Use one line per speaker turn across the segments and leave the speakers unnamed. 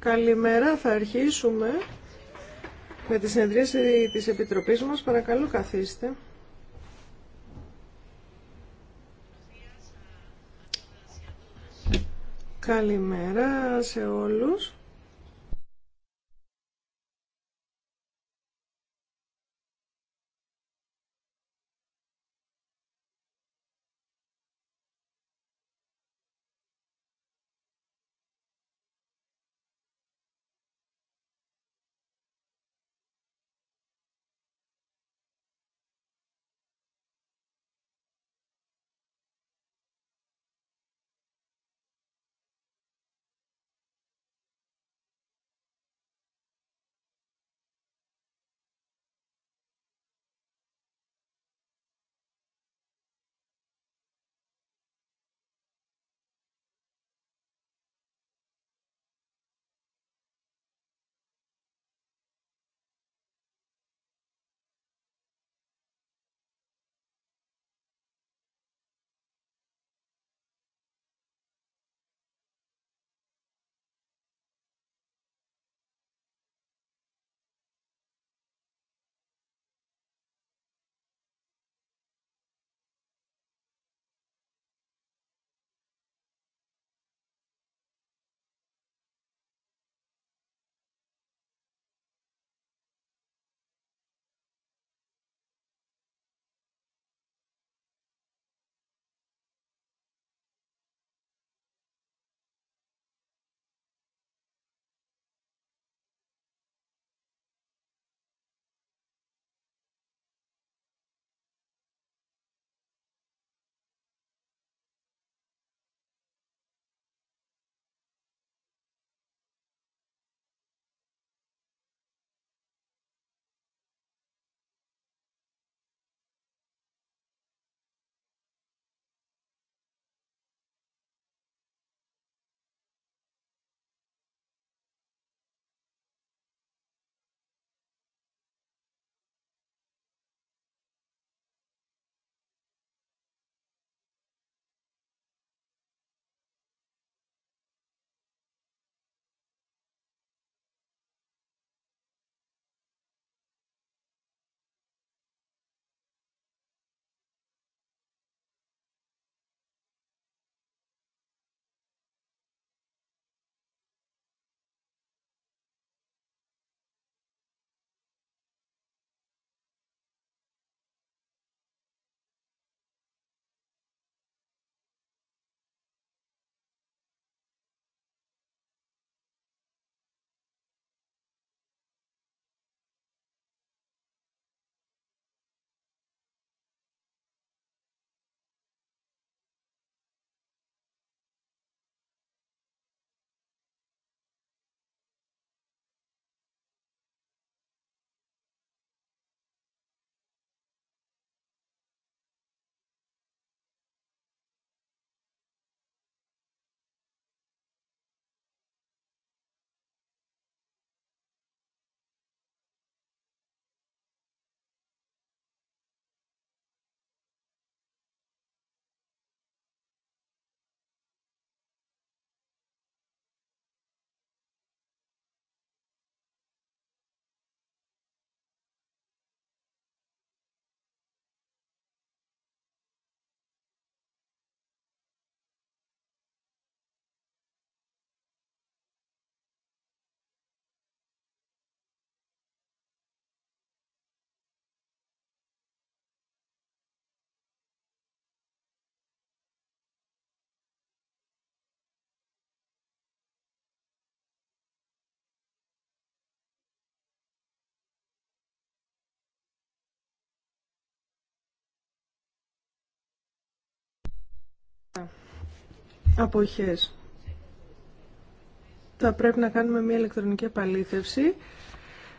Καλημέρα, θα αρχίσουμε με τη συνεδρίαση της Επιτροπής μας. Παρακαλώ, καθίστε. Καλημέρα σε όλους. αποχές. Θα πρέπει να κάνουμε μια ηλεκτρονική επαλήθευση.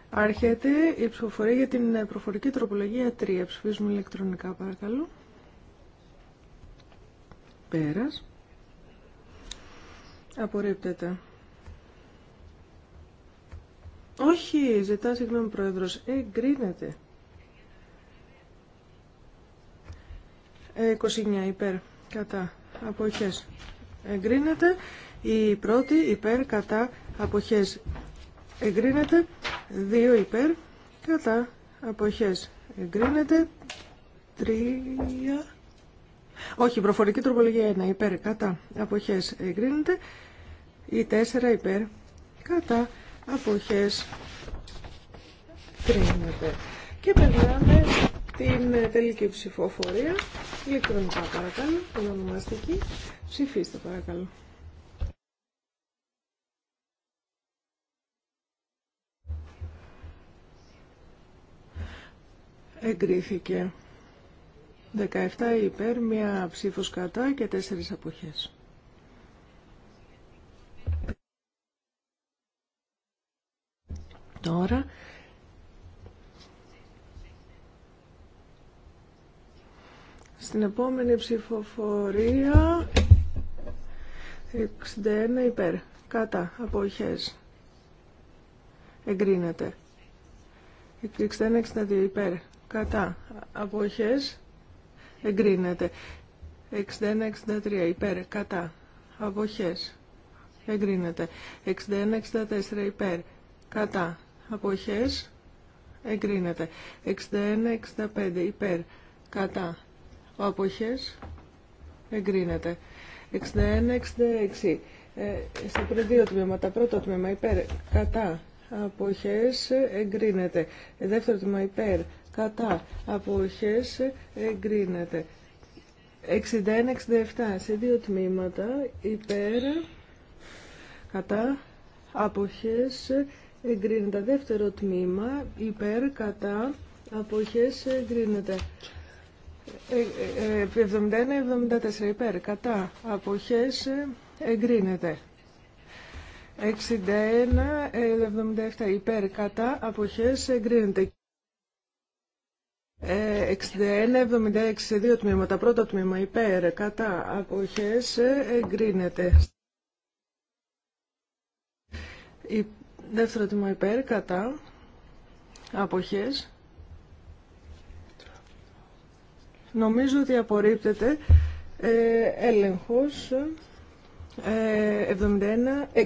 Άρχεται η ψηφοφορία για την προφορική τροπολογία 3. Ψηφίζουμε ηλεκτρονικά παρακαλώ. Πέρας. Απορρίπτεται. Όχι, ζητά συγγνώμη πρόεδρος. Εγκρίνεται. 29 ε, υπέρ. Κατά αποχές εγκρίνεται. Η πρώτη υπέρ κατά αποχές εγκρίνεται. Δύο υπέρ κατά αποχές εγκρίνεται. Τρία... Όχι, προφορική τροπολογία Ένα υπέρ κατά αποχές εγκρίνεται. Η τέσσερα υπέρ κατά αποχές εγκρίνεται. Και περνάμε την ε, τελική ψηφοφορία. Ηλεκτρονικά παρακαλώ, ονομαστική. Ψηφίστε παρακαλώ. Εγκρίθηκε. 17 υπέρ, μία ψήφος κατά και τέσσερις αποχές. Τώρα Στην επόμενη ψηφοφορία 61 υπέρ. Κατά. Αποχές. Εγκρίνεται. 61-62 υπέρ. Κατά. Αποχές. Εγκρίνεται. 61-63 υπέρ. Κατά. Αποχές. Εγκρίνεται. 61-64 υπέρ. Κατά. Αποχές. Εγκρίνεται. 61-65 υπέρ. Κατά. Αποχές. Εγκρίνεται. 61-66. Ε, στα δύο τμήματα. Πρώτο τμήμα υπέρ. Κατά. Αποχές. Εγκρίνεται. Δεύτερο τμήμα υπέρ. Κατά. Αποχές. Εγκρίνεται. 61-67. Σε δύο τμήματα. Υπέρ. Κατά. Αποχές. Εγκρίνεται. Δεύτερο τμήμα. Υπέρ. Κατά. Αποχές. Εγκρίνεται. 71-74 ε, ε, ε, υπέρ, κατά, αποχές, εγκρίνεται. 61-77 υπέρ, κατά, αποχές, εγκρίνεται. 61-76 σε δύο τμήματα. Πρώτο τμήμα υπέρ, κατά, αποχές, εγκρίνεται. Δεύτερο τμήμα υπέρ, κατά, αποχές, Νομίζω ότι απορρίπτεται ε, έλεγχος ε, 71, 61, 76,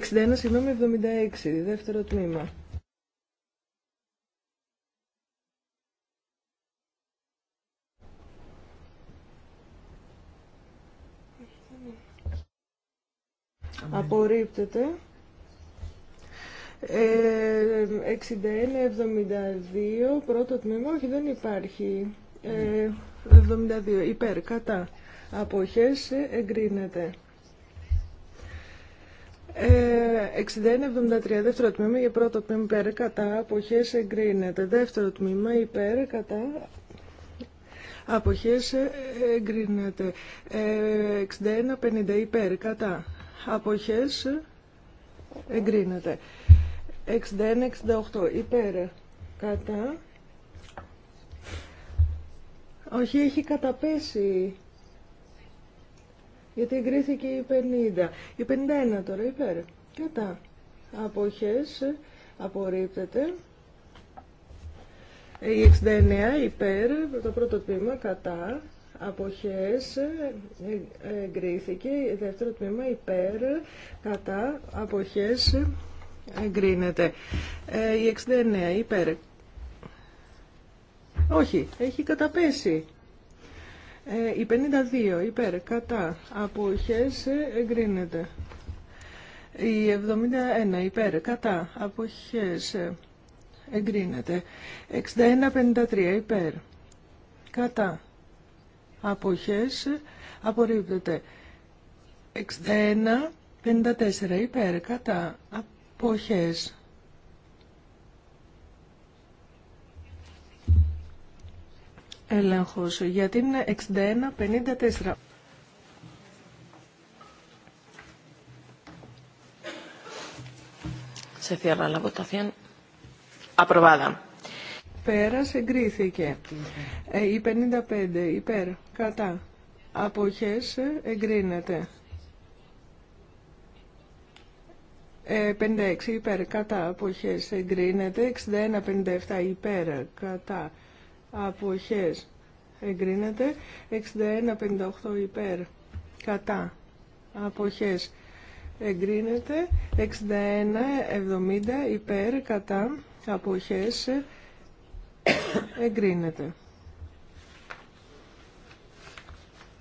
δεύτερο τμήμα. Απορρίπτεται. Ε, 61-72, πρώτο τμήμα, όχι δεν υπάρχει. Ε, 72 υπέρ κατά αποχές ε, εγκρίνεται. Ε, 61 δεύτερο τμήμα για πρώτο τμήμα υπέρ κατά αποχές εγκρίνεται. Δεύτερο τμήμα υπέρ κατά αποχές ε, εγκρίνεται. Ε, 61 υπέρ κατά αποχές εγκρινεται 6168. 61-68 υπέρ κατά όχι, έχει καταπέσει. Γιατί εγκρίθηκε η 50. Η 51 τώρα, υπέρ. Κατά. Αποχές. Απορρίπτεται. Η 69 υπέρ, το πρώτο τμήμα κατά, αποχές, εγκρίθηκε, η δεύτερο τμήμα υπέρ, κατά, αποχές, εγκρίνεται. Ε, η 69 υπέρ. Όχι, έχει καταπέσει. Ε, η 52 υπέρ κατά αποχές ε, εγκρίνεται. Η 71 υπέρ κατά αποχές ε, εγκρίνεται. 61-53 υπέρ κατά αποχές απορρίπτεται. 61-54 υπέρ κατά αποχές έλεγχος για την 6154. Σε cierra la votación. Πέρας εγκρίθηκε. Ε, η 55 ε, ε, υπέρ, κατά. Αποχές εγκρίνεται. 56 υπέρ, κατά. Αποχές εγκρίνεται. 61-57 υπέρ, κατά αποχές εγκρίνεται 61-58 υπέρ κατά αποχές εγκρινεται 61.70 61-70 υπέρ κατά αποχές εγκρίνεται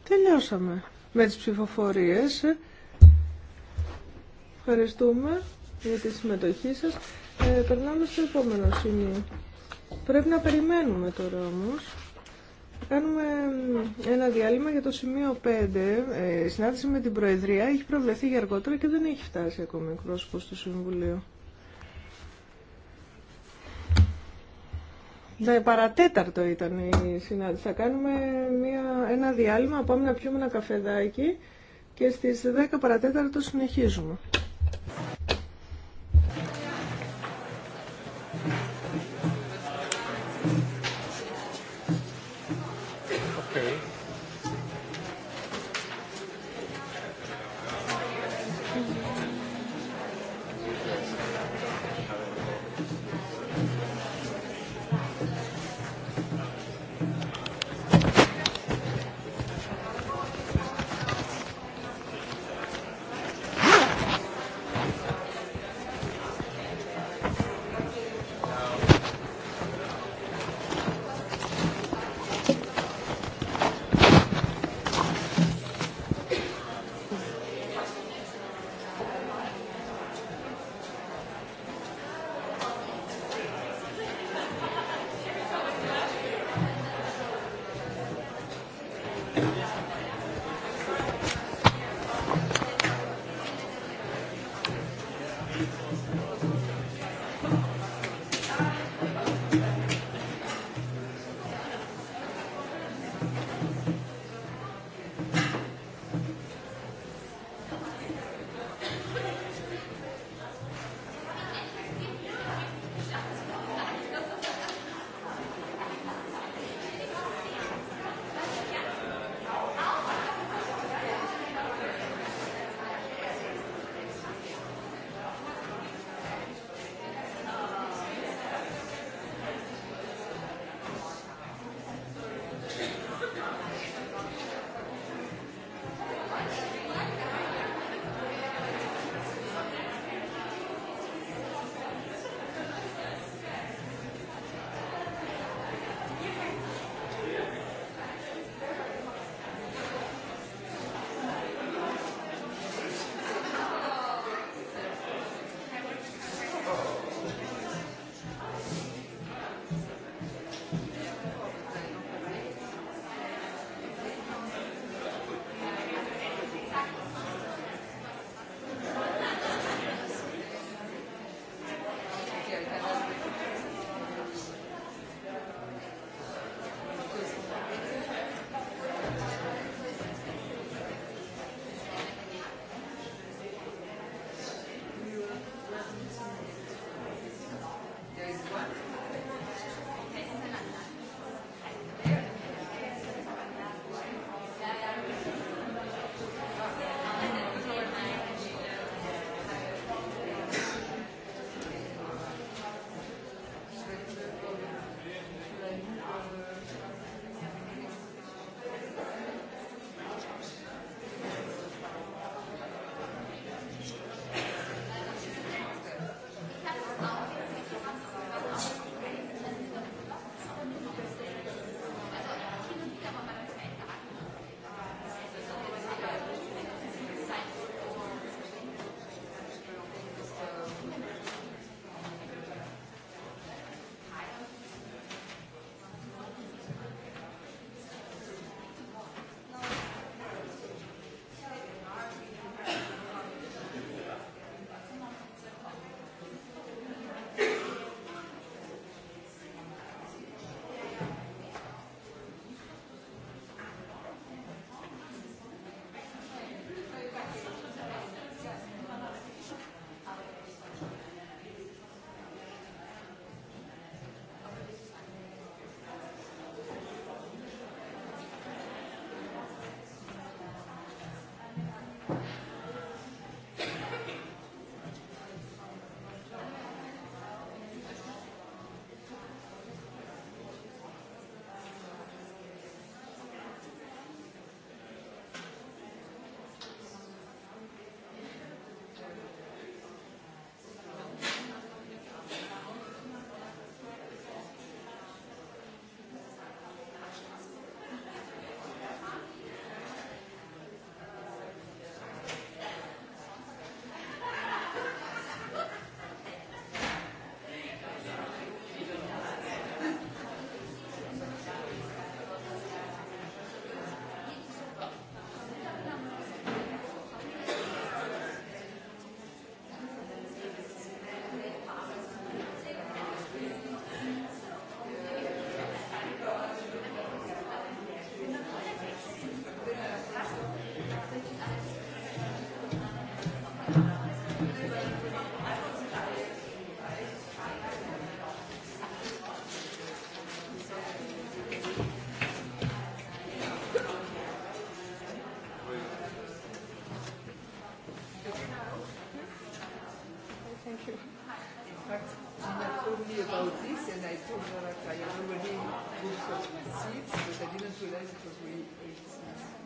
Τελειώσαμε με τις ψηφοφορίες Ευχαριστούμε για τη συμμετοχή σας. Ε, περνάμε στο επόμενο σημείο. Πρέπει να περιμένουμε τώρα όμως. Κάνουμε ένα διάλειμμα για το σημείο 5. Ε, η συνάντηση με την Προεδρία έχει προβλεφθεί για αργότερα και δεν έχει φτάσει ακόμη εκπρόσωπο του Συμβουλίου. Ναι, παρατέταρτο ήταν η συνάντηση. Θα κάνουμε μια, ένα διάλειμμα, πάμε να πιούμε ένα καφεδάκι και στις 10 παρατέταρτο συνεχίζουμε.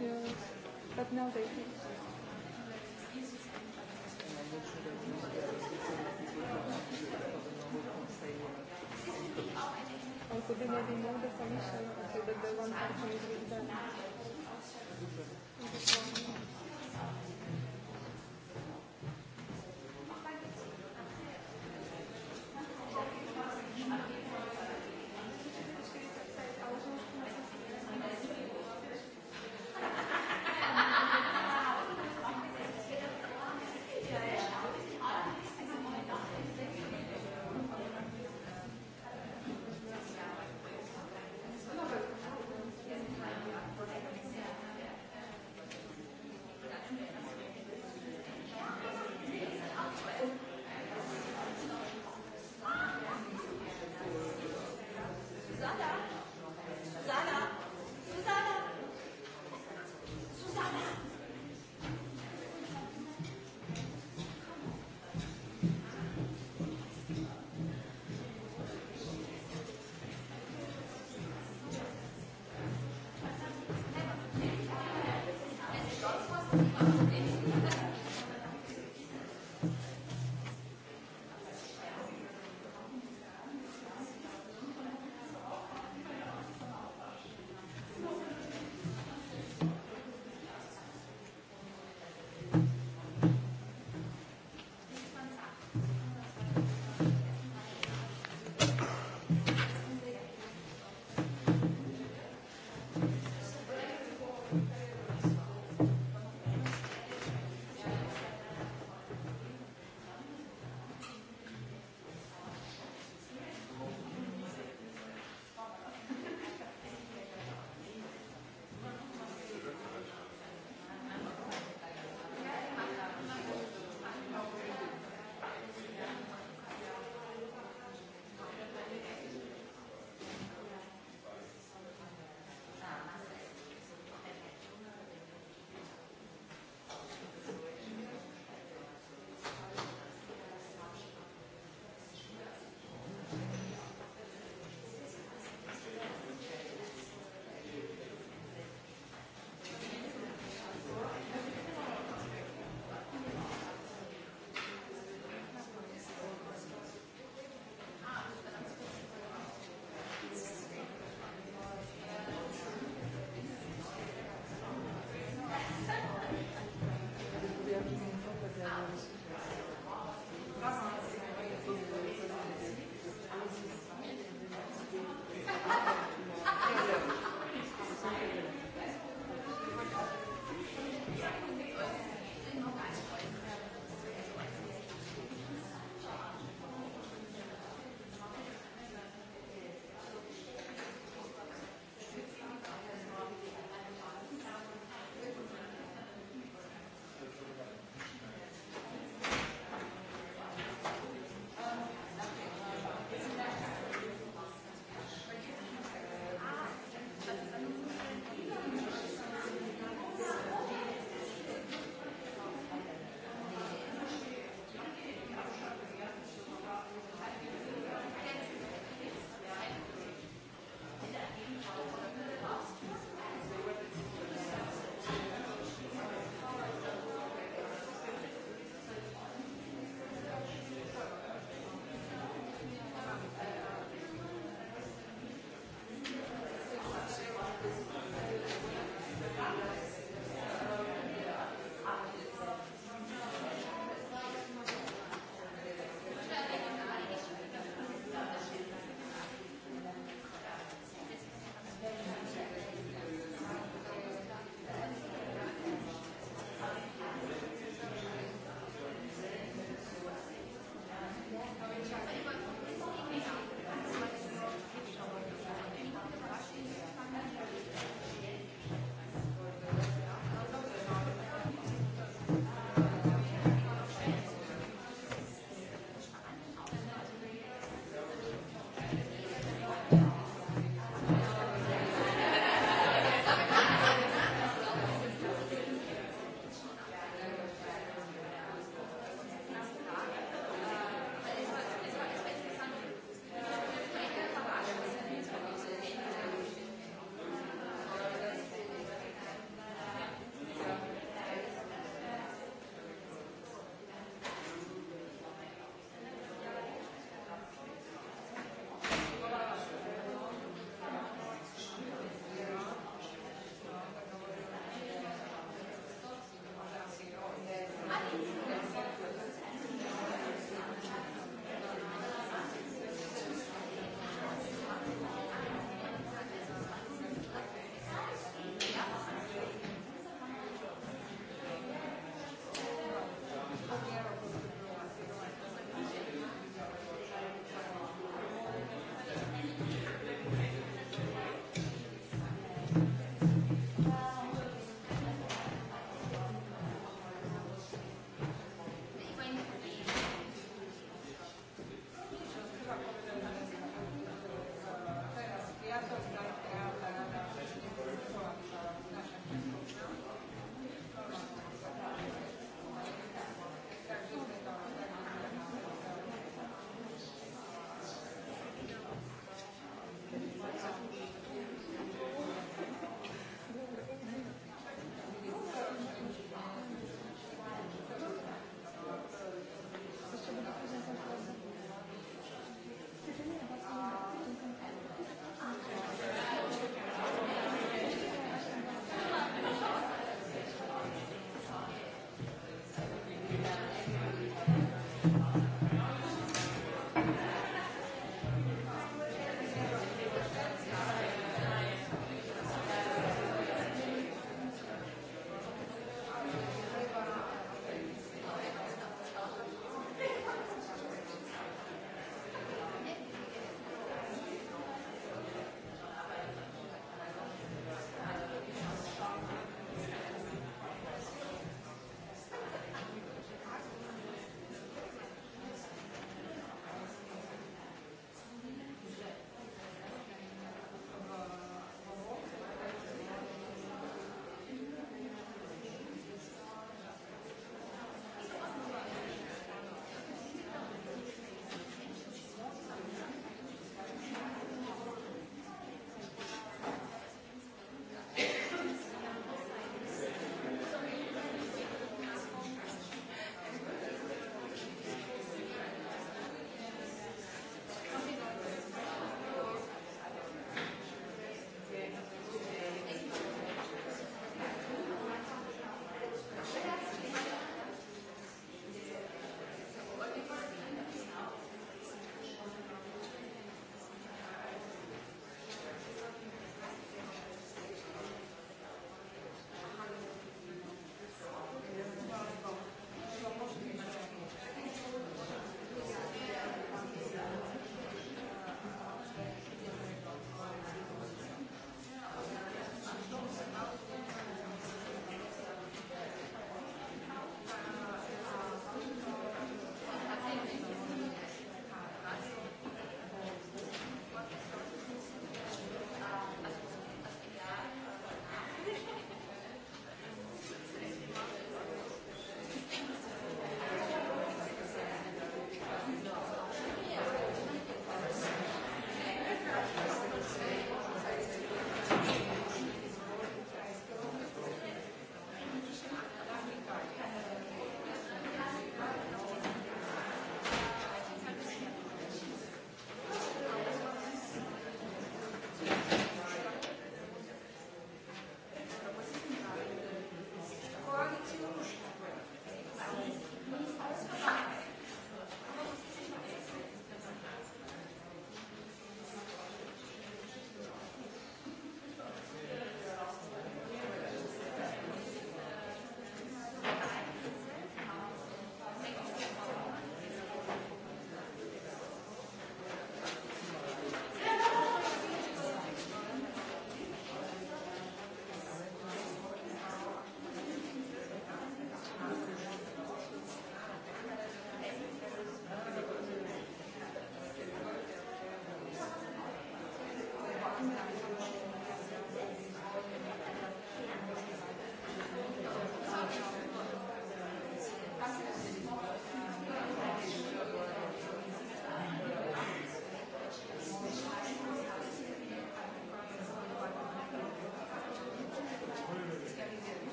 Yeah. But now they Also they maybe know the so that the them.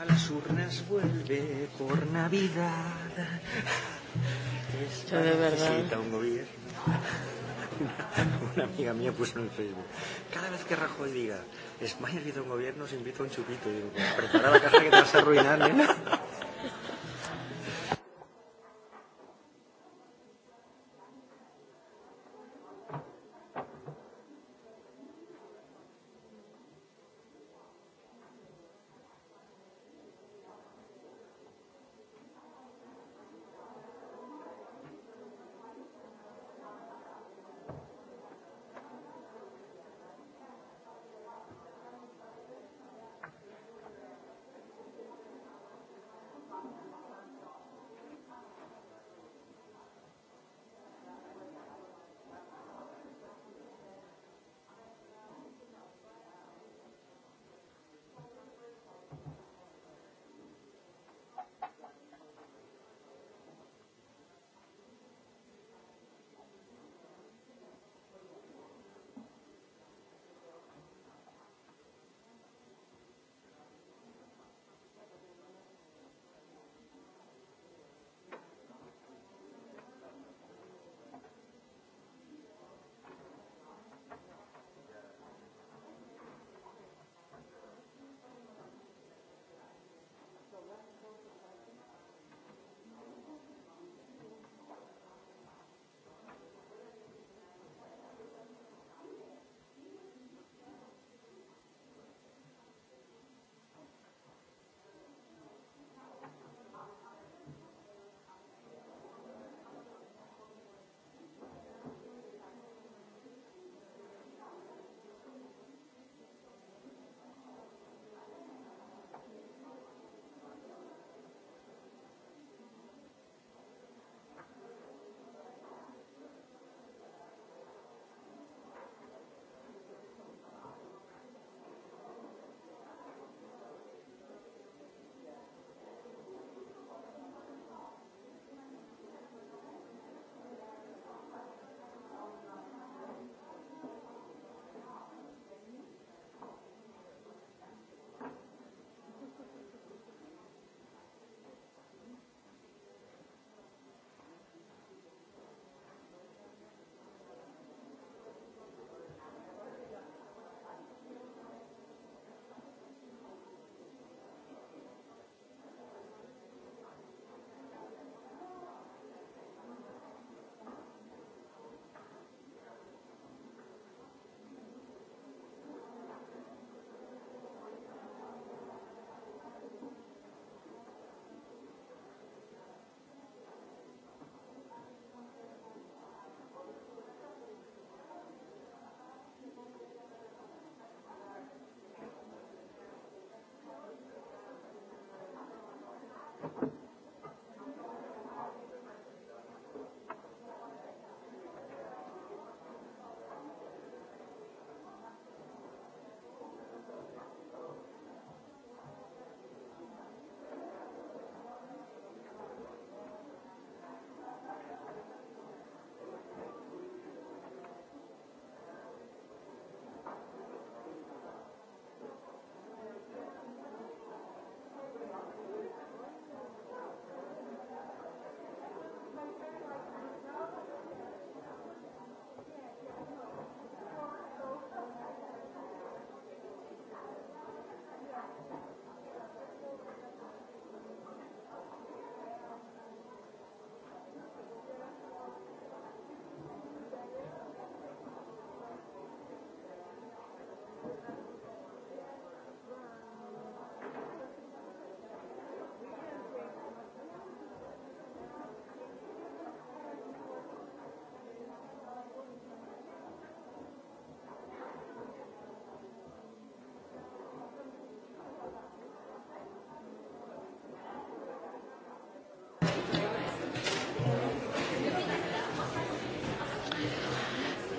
a las urnas vuelve por
Navidad.
Esto de verdad. necesita un gobierno.
Una amiga mía puso en Facebook.
Cada vez que Rajoy diga, España necesita un gobierno, se invita a un chupito. Y digo, prepara la caja que te vas a arruinar, ¿eh?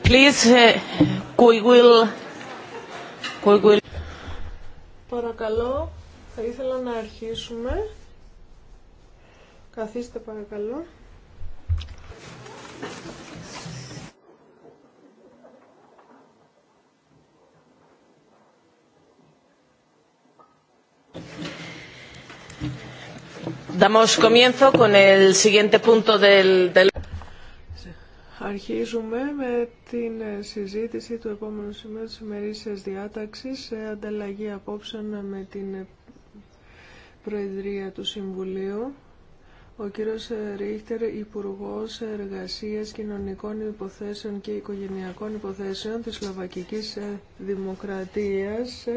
Please, we will... We
Παρακαλώ, θα ήθελα να αρχίσουμε. Καθίστε παρακαλώ.
Damos comienzo con el siguiente punto del, del
Συνεχίζουμε με την ε, συζήτηση του επόμενου σημείου της ημερήσιας διάταξης σε ανταλλαγή απόψεων με την ε, Προεδρία του Συμβουλίου. Ο κύριος ε, Ρίχτερ, Υπουργός Εργασίας Κοινωνικών Υποθέσεων και Οικογενειακών Υποθέσεων της Σλοβακική Δημοκρατίας,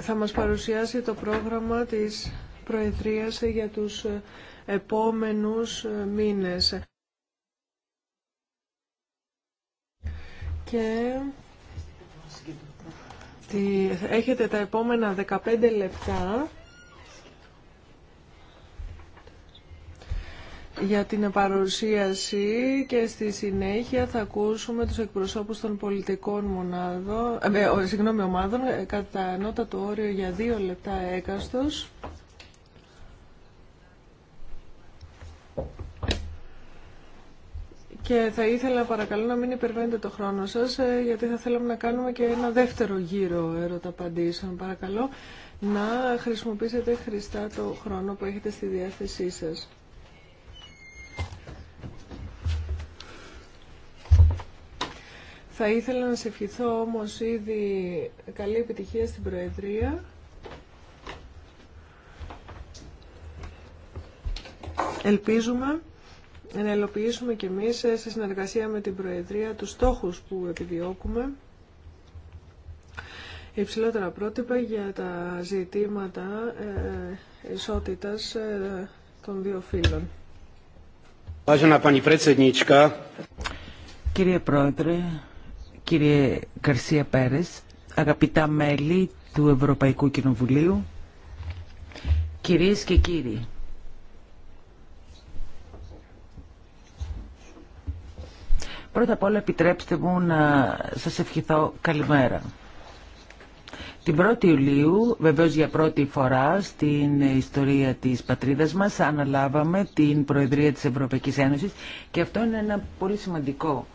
θα μας παρουσιάσει το πρόγραμμα της Προεδρίας για τους επόμενους μήνες. και έχετε τα επόμενα 15 λεπτά για την παρουσίαση και στη συνέχεια θα ακούσουμε τους εκπροσώπους των πολιτικών μονάδων, ε, συγγνώμη, ομάδων ε, κατά το όριο για δύο λεπτά έκαστος. Και θα ήθελα παρακαλώ να μην υπερβαίνετε το χρόνο σας, ε, γιατί θα θέλαμε να κάνουμε και ένα δεύτερο γύρο έρωτα-απαντήσεων. Παρακαλώ να χρησιμοποιήσετε χρηστά το χρόνο που έχετε στη διάθεσή σας. Θα ήθελα να σε ευχηθώ όμως ήδη καλή επιτυχία στην Προεδρία. Ελπίζουμε να ελοποιήσουμε και εμείς ε, σε συνεργασία με την Προεδρία τους στόχους που επιδιώκουμε υψηλότερα πρότυπα για τα ζητήματα ε, ισότητας ε, των δύο φύλων.
Κύριε Πρόεδρε, κύριε Καρσία Πέρες, αγαπητά μέλη του Ευρωπαϊκού Κοινοβουλίου, κυρίες και κύριοι, Πρώτα απ' όλα επιτρέψτε μου να σας ευχηθώ καλημέρα. Την 1η Ιουλίου, βεβαίως για πρώτη φορά στην ιστορία της πατρίδας μας, αναλάβαμε την Προεδρία της Ευρωπαϊκής Ένωσης και αυτό είναι ένα πολύ σημαντικό,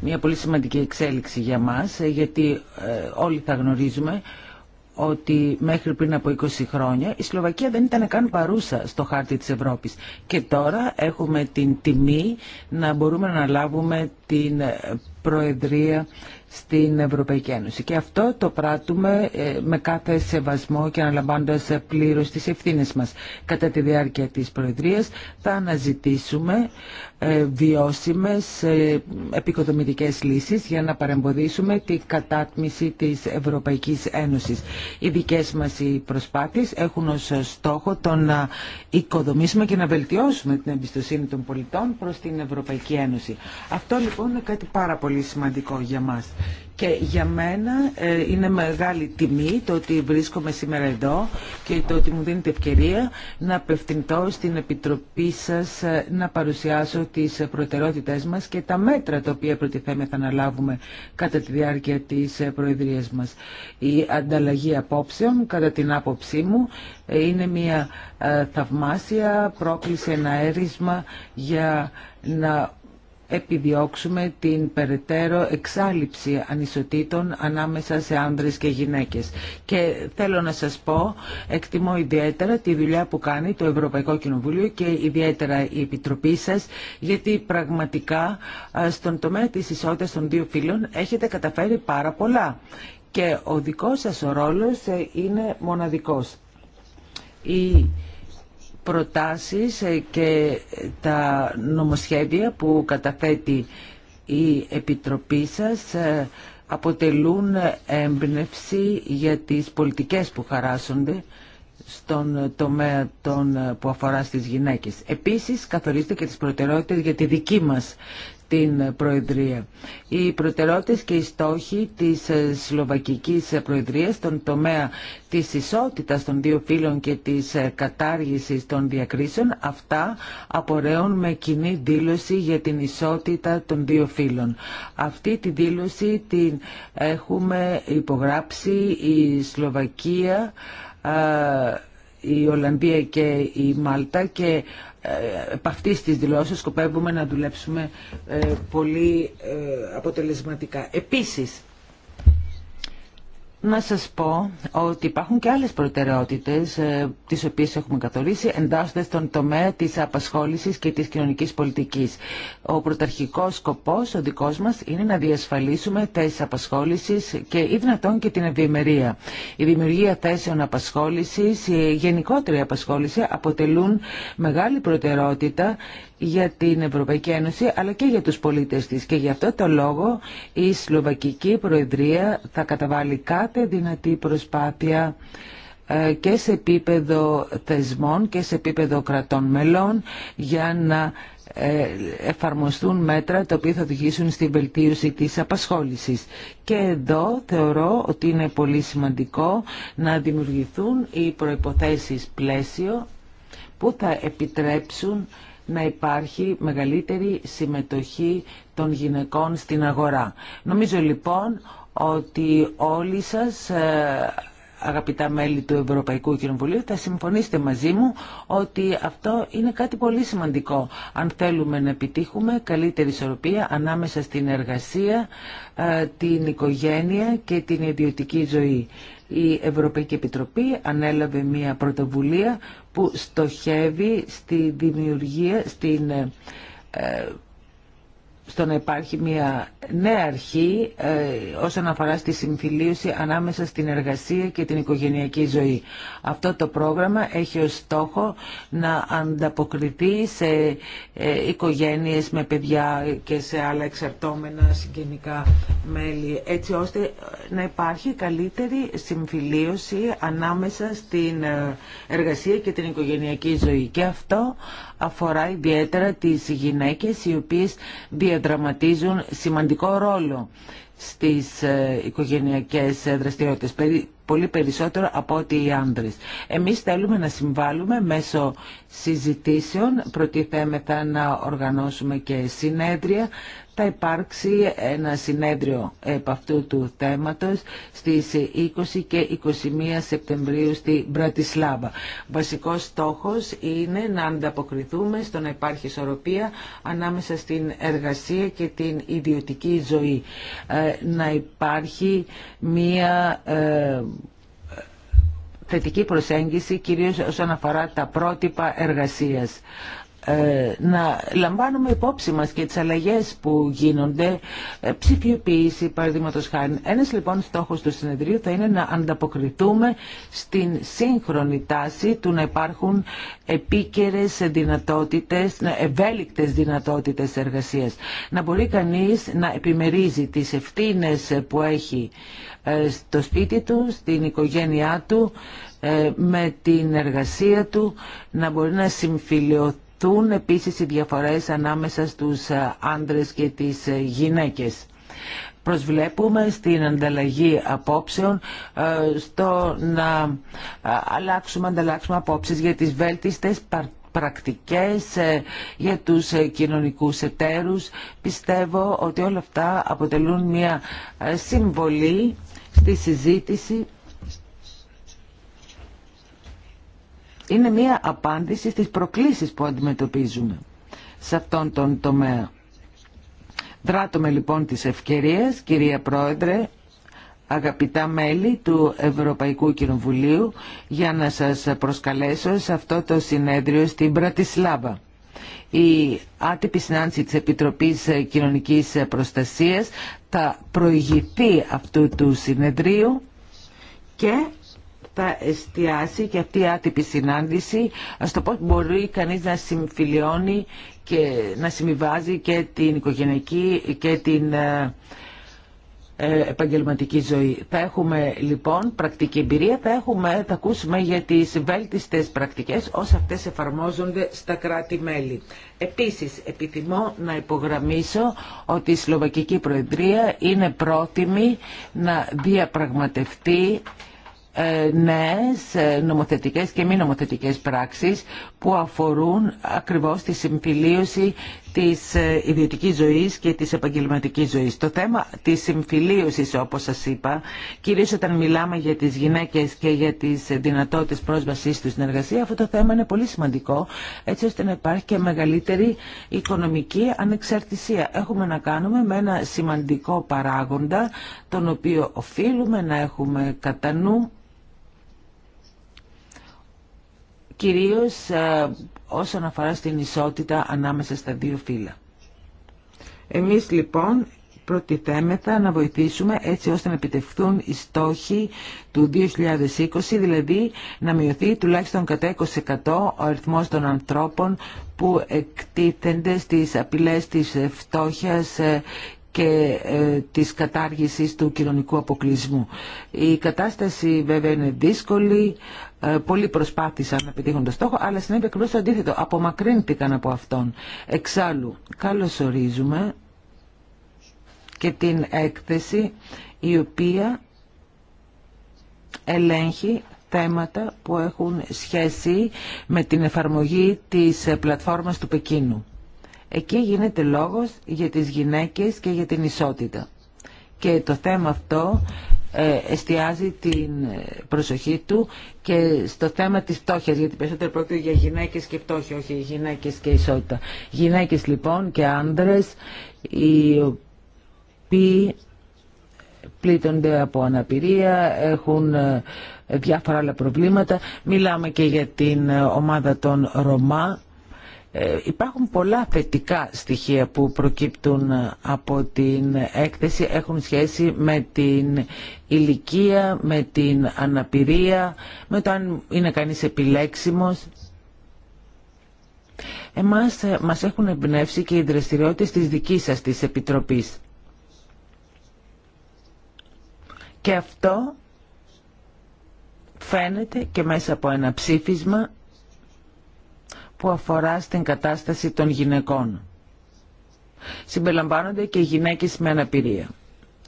μια πολύ σημαντική εξέλιξη για μας, γιατί ε, όλοι θα γνωρίζουμε ότι μέχρι πριν από 20 χρόνια η Σλοβακία δεν ήταν καν παρούσα στο χάρτη της Ευρώπης. Και τώρα έχουμε την τιμή να μπορούμε να λάβουμε την ε, Προεδρία στην Ευρωπαϊκή Ένωση. Και αυτό το πράττουμε ε, με κάθε σεβασμό και αναλαμβάνοντας πλήρως τις ευθύνες μας. Κατά τη διάρκεια της Προεδρίας θα αναζητήσουμε ε, βιώσιμες ε, επικοδομητικές λύσεις για να παρεμποδίσουμε την κατάτμιση της Ευρωπαϊκής Ένωσης. Οι δικές μας οι προσπάθειες έχουν ως στόχο το να οικοδομήσουμε και να βελτιώσουμε την εμπιστοσύνη των πολιτών προς την Ευρωπαϊκή Ένωση. Αυτό λοιπόν είναι κάτι πάρα πολύ σημαντικό για μας. Και για μένα ε, είναι μεγάλη τιμή το ότι βρίσκομαι σήμερα εδώ και το ότι μου δίνετε ευκαιρία να απευθυνθώ στην Επιτροπή σας να παρουσιάσω τις προτεραιότητές μας και τα μέτρα τα οποία προτιθέμε θα λάβουμε κατά τη διάρκεια της Προεδρίας μας. Η ανταλλαγή απόψεων, κατά την άποψή μου, είναι μια ε, θαυμάσια πρόκληση, ένα έρισμα για να επιδιώξουμε την περαιτέρω εξάλληψη ανισοτήτων ανάμεσα σε άνδρες και γυναίκες. Και θέλω να σας πω, εκτιμώ ιδιαίτερα τη δουλειά που κάνει το Ευρωπαϊκό Κοινοβούλιο και ιδιαίτερα η Επιτροπή σας, γιατί πραγματικά στον τομέα της ισότητας των δύο φίλων έχετε καταφέρει πάρα πολλά. Και ο δικός σας ο ρόλος ε, είναι μοναδικός. Η προτάσεις ε, και τα νομοσχέδια που καταθέτει η Επιτροπή σας ε, αποτελούν έμπνευση για τις πολιτικές που χαράσσονται στον τομέα των, που αφορά στις γυναίκες. Επίσης, καθορίζεται και τις προτεραιότητες για τη δική μας την Προεδρία. Οι και οι στόχοι της Σλοβακικής Προεδρίας στον τομέα της ισότητας των δύο φύλων και της κατάργησης των διακρίσεων, αυτά απορρέουν με κοινή δήλωση για την ισότητα των δύο φύλων. Αυτή τη δήλωση την έχουμε υπογράψει η Σλοβακία η Ολλανδία και η Μάλτα και από ε, αυτής της δηλώσεις σκοπεύουμε να δουλέψουμε ε, πολύ ε, αποτελεσματικά. Επίσης, να σας πω ότι υπάρχουν και άλλες προτεραιότητες ε, τις οποίες έχουμε καθορίσει εντάσσοντας στον τομέα της απασχόλησης και της κοινωνικής πολιτικής. Ο πρωταρχικός σκοπός ο δικός μας είναι να διασφαλίσουμε θέσεις απασχόλησης και ή δυνατόν και την ευημερία. Η δημιουργία θέσεων απασχόλησης, η γενικότερη απασχόληση αποτελούν μεγάλη προτεραιότητα για την Ευρωπαϊκή Ένωση αλλά και για τους πολίτες της. Και γι' αυτό το λόγο η Σλοβακική Προεδρία θα καταβάλει κάθε δυνατή προσπάθεια ε, και σε επίπεδο θεσμών και σε επίπεδο κρατών μελών για να ε, εφαρμοστούν μέτρα τα οποία θα οδηγήσουν στην βελτίωση της απασχόλησης. Και εδώ θεωρώ ότι είναι πολύ σημαντικό να δημιουργηθούν οι προϋποθέσεις πλαίσιο που θα επιτρέψουν να υπάρχει μεγαλύτερη συμμετοχή των γυναικών στην αγορά. Νομίζω λοιπόν ότι όλοι σας ε, αγαπητά μέλη του Ευρωπαϊκού Κοινοβουλίου, θα συμφωνήσετε μαζί μου ότι αυτό είναι κάτι πολύ σημαντικό. Αν θέλουμε να επιτύχουμε καλύτερη ισορροπία ανάμεσα στην εργασία, ε, την οικογένεια και την ιδιωτική ζωή η Ευρωπαϊκή Επιτροπή ανέλαβε μια πρωτοβουλία που στοχεύει στη δημιουργία, στην ε, στο να υπάρχει μια νέα αρχή ε, όσον αφορά στη συμφιλίωση ανάμεσα στην εργασία και την οικογενειακή ζωή. Αυτό το πρόγραμμα έχει ως στόχο να ανταποκριθεί σε ε, οικογένειες με παιδιά και σε άλλα εξαρτώμενα συγγενικά μέλη έτσι ώστε να υπάρχει καλύτερη συμφιλίωση ανάμεσα στην ε, εργασία και την οικογενειακή ζωή. Και αυτό αφορά ιδιαίτερα τις γυναίκες οι οποίες διαδραματίζουν σημαντικό ρόλο στις ε, οικογενειακές δραστηριότητες, πολύ περισσότερο από ότι οι άνδρες. Εμείς θέλουμε να συμβάλλουμε μέσω συζητήσεων, προτιθέμεθα να οργανώσουμε και συνέδρια, θα υπάρξει ένα συνέδριο επ' αυτού του θέματος στις 20 και 21 Σεπτεμβρίου στη Μπρατισλάβα. Βασικός στόχος είναι να ανταποκριθούμε στο να υπάρχει ισορροπία ανάμεσα στην εργασία και την ιδιωτική ζωή. Ε, να υπάρχει μία ε, θετική προσέγγιση κυρίως όσον αφορά τα πρότυπα εργασίας. Ε, να λαμβάνουμε υπόψη μας και τις αλλαγές που γίνονται, ε, ψηφιοποίηση παραδείγματος χάρη. Ένας λοιπόν στόχος του συνεδρίου θα είναι να ανταποκριθούμε στην σύγχρονη τάση του να υπάρχουν επίκαιρες δυνατότητες, ευέλικτες δυνατότητες εργασίας. Να μπορεί κανείς να επιμερίζει τις ευθύνε που έχει ε, στο σπίτι του, στην οικογένειά του, με την εργασία του, να μπορεί να συμφιλειωθεί επίση επίσης οι διαφορές ανάμεσα στους άντρες και τις γυναίκες. Προσβλέπουμε στην ανταλλαγή απόψεων ε, στο να ε, αλλάξουμε, ανταλλάξουμε απόψεις για τις βέλτιστες πρακτικές ε, για τους κοινωνικούς εταίρους. Πιστεύω ότι όλα αυτά αποτελούν μια συμβολή στη συζήτηση είναι μία απάντηση στις προκλήσεις που αντιμετωπίζουμε σε αυτόν τον τομέα. Δράτουμε λοιπόν τις ευκαιρίες, κυρία Πρόεδρε, αγαπητά μέλη του Ευρωπαϊκού Κοινοβουλίου, για να σας προσκαλέσω σε αυτό το συνέδριο στην Πρατισλάβα. Η άτυπη συνάντηση της Επιτροπής Κοινωνικής Προστασίας θα προηγηθεί αυτού του συνεδρίου και θα εστιάσει και αυτή η άτυπη συνάντηση στο πώς μπορεί κανείς να συμφιλιώνει και να συμβιβάζει και την οικογενειακή και την ε, ε, επαγγελματική ζωή. Θα έχουμε λοιπόν πρακτική εμπειρία, θα, έχουμε, θα ακούσουμε για τις βέλτιστες πρακτικές όσα αυτές εφαρμόζονται στα κράτη-μέλη. Επίσης, επιθυμώ να υπογραμμίσω ότι η Σλοβακική Προεδρία είναι πρόθυμη να διαπραγματευτεί ε, νέες ε, νομοθετικές και μη νομοθετικές πράξεις που αφορούν ακριβώς τη συμφιλίωση της ε, ιδιωτικής ζωής και της επαγγελματικής ζωής. Το θέμα της συμφιλίωσης, όπως σας είπα, κυρίως όταν μιλάμε για τις γυναίκες και για τις δυνατότητες πρόσβασής τους στην εργασία, αυτό το θέμα είναι πολύ σημαντικό, έτσι ώστε να υπάρχει και μεγαλύτερη οικονομική ανεξαρτησία. Έχουμε να κάνουμε με ένα σημαντικό παράγοντα, τον οποίο οφείλουμε να έχουμε κατά νου κυρίως ε, όσον αφορά στην ισότητα ανάμεσα στα δύο φύλλα. Εμείς λοιπόν προτιθέμεθα να βοηθήσουμε έτσι ώστε να επιτευχθούν οι στόχοι του 2020, δηλαδή να μειωθεί τουλάχιστον κατά 20% ο αριθμός των ανθρώπων που εκτίθενται στις απειλές της φτώχειας ε, και ε, της κατάργησης του κοινωνικού αποκλεισμού. Η κατάσταση βέβαια είναι δύσκολη, ε, πολλοί προσπάθησαν να πετύχουν το στόχο, αλλά συνέβη ακριβώ το αντίθετο. Απομακρύνθηκαν από αυτόν. Εξάλλου, καλωσορίζουμε και την έκθεση η οποία ελέγχει θέματα που έχουν σχέση με την εφαρμογή της πλατφόρμας του Πεκίνου. Εκεί γίνεται λόγος για τις γυναίκες και για την ισότητα. Και το θέμα αυτό ε, εστιάζει την προσοχή του και στο θέμα της φτώχειας, γιατί περισσότερο πρόκειται για γυναίκες και φτώχεια, όχι γυναίκες και ισότητα. Γυναίκες λοιπόν και άνδρες, οι οποίοι πλήττονται από αναπηρία, έχουν ε, διάφορα άλλα προβλήματα. Μιλάμε και για την ομάδα των Ρωμά, ε, υπάρχουν πολλά θετικά στοιχεία που προκύπτουν ε, από την έκθεση. Έχουν σχέση με την ηλικία, με την αναπηρία, με το αν είναι κανείς επιλέξιμος. Εμάς ε, μας έχουν εμπνεύσει και οι δραστηριότητες της δικής σας της Επιτροπής. Και αυτό φαίνεται και μέσα από ένα ψήφισμα που αφορά στην κατάσταση των γυναικών. Συμπελαμβάνονται και οι γυναίκες με αναπηρία,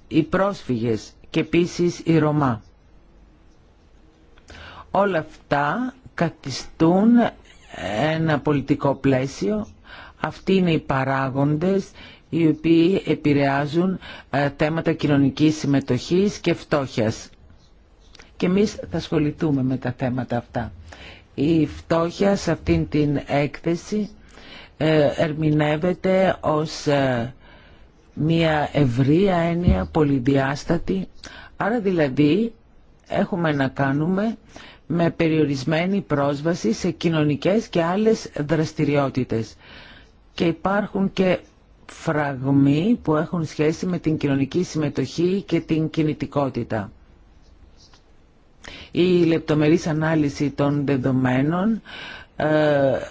οι πρόσφυγες και επίσης οι Ρωμά. Όλα αυτά καθιστούν ένα πολιτικό πλαίσιο. Αυτοί είναι οι παράγοντες οι οποίοι επηρεάζουν ε, θέματα κοινωνικής συμμετοχής και φτώχειας. Και εμείς θα ασχοληθούμε με τα θέματα αυτά η φτώχεια σε αυτήν την έκθεση ε, ερμηνεύεται ως ε, μια ευρεία έννοια, πολυδιάστατη. Άρα δηλαδή έχουμε να κάνουμε με περιορισμένη πρόσβαση σε κοινωνικές και άλλες δραστηριότητες. Και υπάρχουν και φραγμοί που έχουν σχέση με την κοινωνική συμμετοχή και την κινητικότητα. Η λεπτομερής ανάλυση των δεδομένων ε,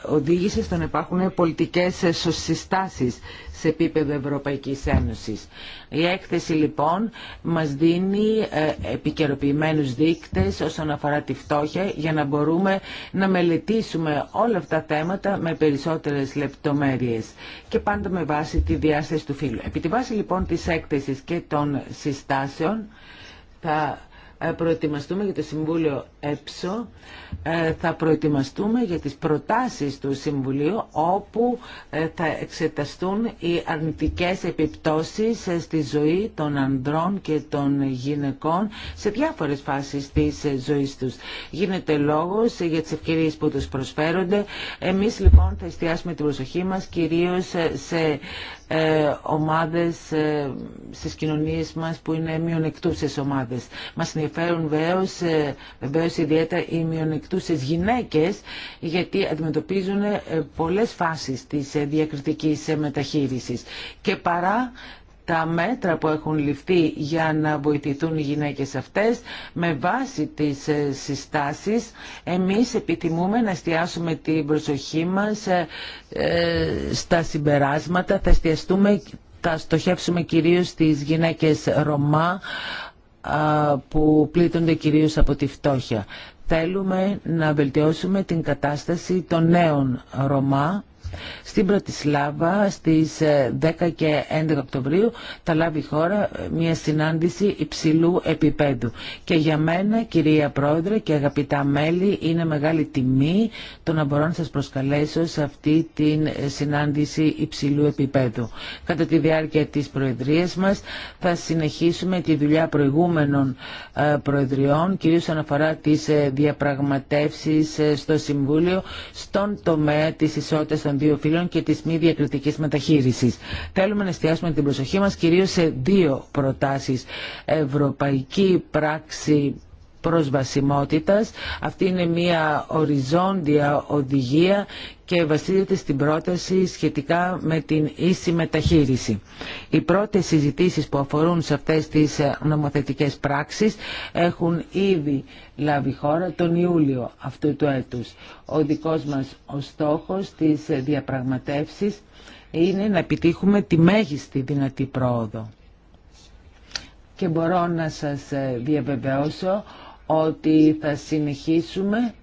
οδήγησε στο να υπάρχουν πολιτικές συστάσεις σε επίπεδο Ευρωπαϊκής Ένωσης. Η έκθεση λοιπόν μας δίνει ε, επικαιροποιημένους δείκτες όσον αφορά τη φτώχεια για να μπορούμε να μελετήσουμε όλα αυτά τα θέματα με περισσότερες λεπτομέρειες και πάντα με βάση τη διάσταση του φύλου. Επί τη βάση λοιπόν της έκθεσης και των συστάσεων θα ε, προετοιμαστούμε για το Συμβούλιο ΕΨΟ, ε, θα προετοιμαστούμε για τις προτάσεις του Συμβουλίου όπου ε, θα εξεταστούν οι αρνητικές επιπτώσεις στη ζωή των ανδρών και των γυναικών σε διάφορες φάσεις της ζωής τους. Γίνεται λόγος για τις ευκαιρίες που τους προσφέρονται. Εμείς λοιπόν θα εστιάσουμε την προσοχή μας κυρίως σε ε, ομάδες ε, στις κοινωνίες μας που είναι μειονεκτούσες ομάδες. Μας ενδιαφέρουν βεβαίως, ε, βεβαίως ιδιαίτερα οι μειονεκτούσες γυναίκες γιατί αντιμετωπίζουν πολλές φάσεις της διακριτικής μεταχείρισης και παρά τα μέτρα που έχουν ληφθεί για να βοηθηθούν οι γυναίκες αυτές με βάση τις ε, συστάσεις εμείς επιθυμούμε να εστιάσουμε την προσοχή μας ε, ε, στα συμπεράσματα θα εστιαστούμε θα στοχεύσουμε κυρίως στις γυναίκες Ρωμά που πλήττονται κυρίως από τη φτώχεια. Θέλουμε να βελτιώσουμε την κατάσταση των νέων Ρωμά στην Πρωτισλάβα στις 10 ε, και 11 Οκτωβρίου θα λάβει η χώρα ε, μια συνάντηση υψηλού επίπεδου. Και για μένα κυρία Πρόεδρε και αγαπητά μέλη είναι μεγάλη τιμή το να μπορώ να σας προσκαλέσω σε αυτή την ε, συνάντηση υψηλού επίπεδου. Κατά τη διάρκεια της Προεδρίας μας θα συνεχίσουμε τη δουλειά προηγούμενων Προεδριών, κυρίως αναφορά τις διαπραγματεύσεις στο Συμβούλιο στον τομέα της ισότητας και της μη διακριτική μεταχείρισης. Θέλουμε να εστιάσουμε την προσοχή μας κυρίως σε δύο προτάσεις. Ευρωπαϊκή πράξη προσβασιμότητας. Αυτή είναι μια οριζόντια οδηγία και βασίζεται στην πρόταση σχετικά με την ίση μεταχείριση. Οι πρώτες συζητήσεις που αφορούν σε αυτές τις ε, νομοθετικές πράξεις έχουν ήδη λάβει χώρα τον Ιούλιο αυτού του έτους. Ο δικός μας ο στόχος της διαπραγματεύσης είναι να επιτύχουμε τη μέγιστη δυνατή πρόοδο. Και μπορώ να σας ε, διαβεβαιώσω ότι θα συνεχίσουμε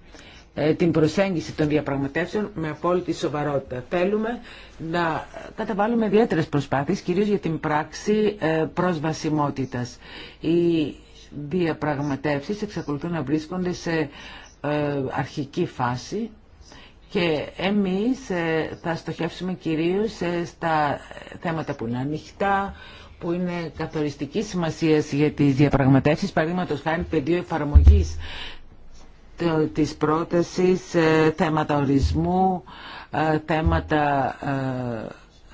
ε, την προσέγγιση των διαπραγματεύσεων με απόλυτη σοβαρότητα. Θέλουμε να καταβάλουμε ιδιαίτερε προσπάθειες, κυρίως για την πράξη ε, προσβασιμότητας. Οι διαπραγματεύσεις εξακολουθούν να βρίσκονται σε ε, αρχική φάση και εμείς θα στοχεύσουμε κυρίως στα θέματα που είναι ανοιχτά, που είναι καθοριστική σημασία για τι διαπραγματεύσει, παραδείγματος χάρη πεδίο εφαρμογής της πρότασης, ε, θέματα ορισμού, ε, θέματα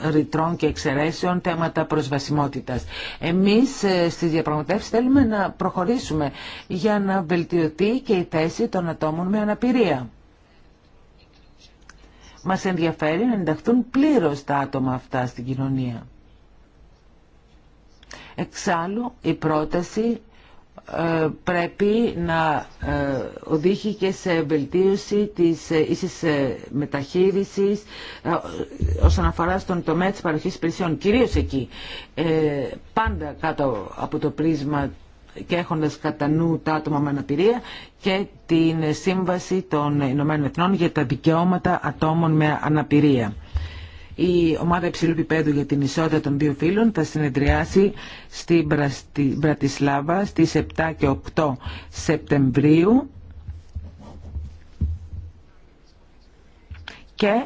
ε, ρητρών και εξαιρέσεων, θέματα προσβασιμότητας. Εμείς στις διαπραγματεύσεις θέλουμε να προχωρήσουμε για να βελτιωθεί και η θέση των ατόμων με αναπηρία. Μας ενδιαφέρει να ενταχθούν πλήρως τα άτομα αυτά στην κοινωνία. Εξάλλου, η πρόταση ε, πρέπει να ε, οδήγει και σε βελτίωση της ε, ίσης μεταχείρισης όσον αφορά στον τομέα της παροχής υπηρεσιών, κυρίως εκεί. Πάντα κάτω από το πρίσμα και έχοντας κατά νου τα άτομα με αναπηρία και την Σύμβαση των Ηνωμένων Εθνών για τα Δικαιώματα Ατόμων με Αναπηρία. Η ομάδα υψηλού επίπεδου για την ισότητα των δύο φύλων θα συνεδριάσει στην Μπρατισλάβα στις 7 και 8 Σεπτεμβρίου και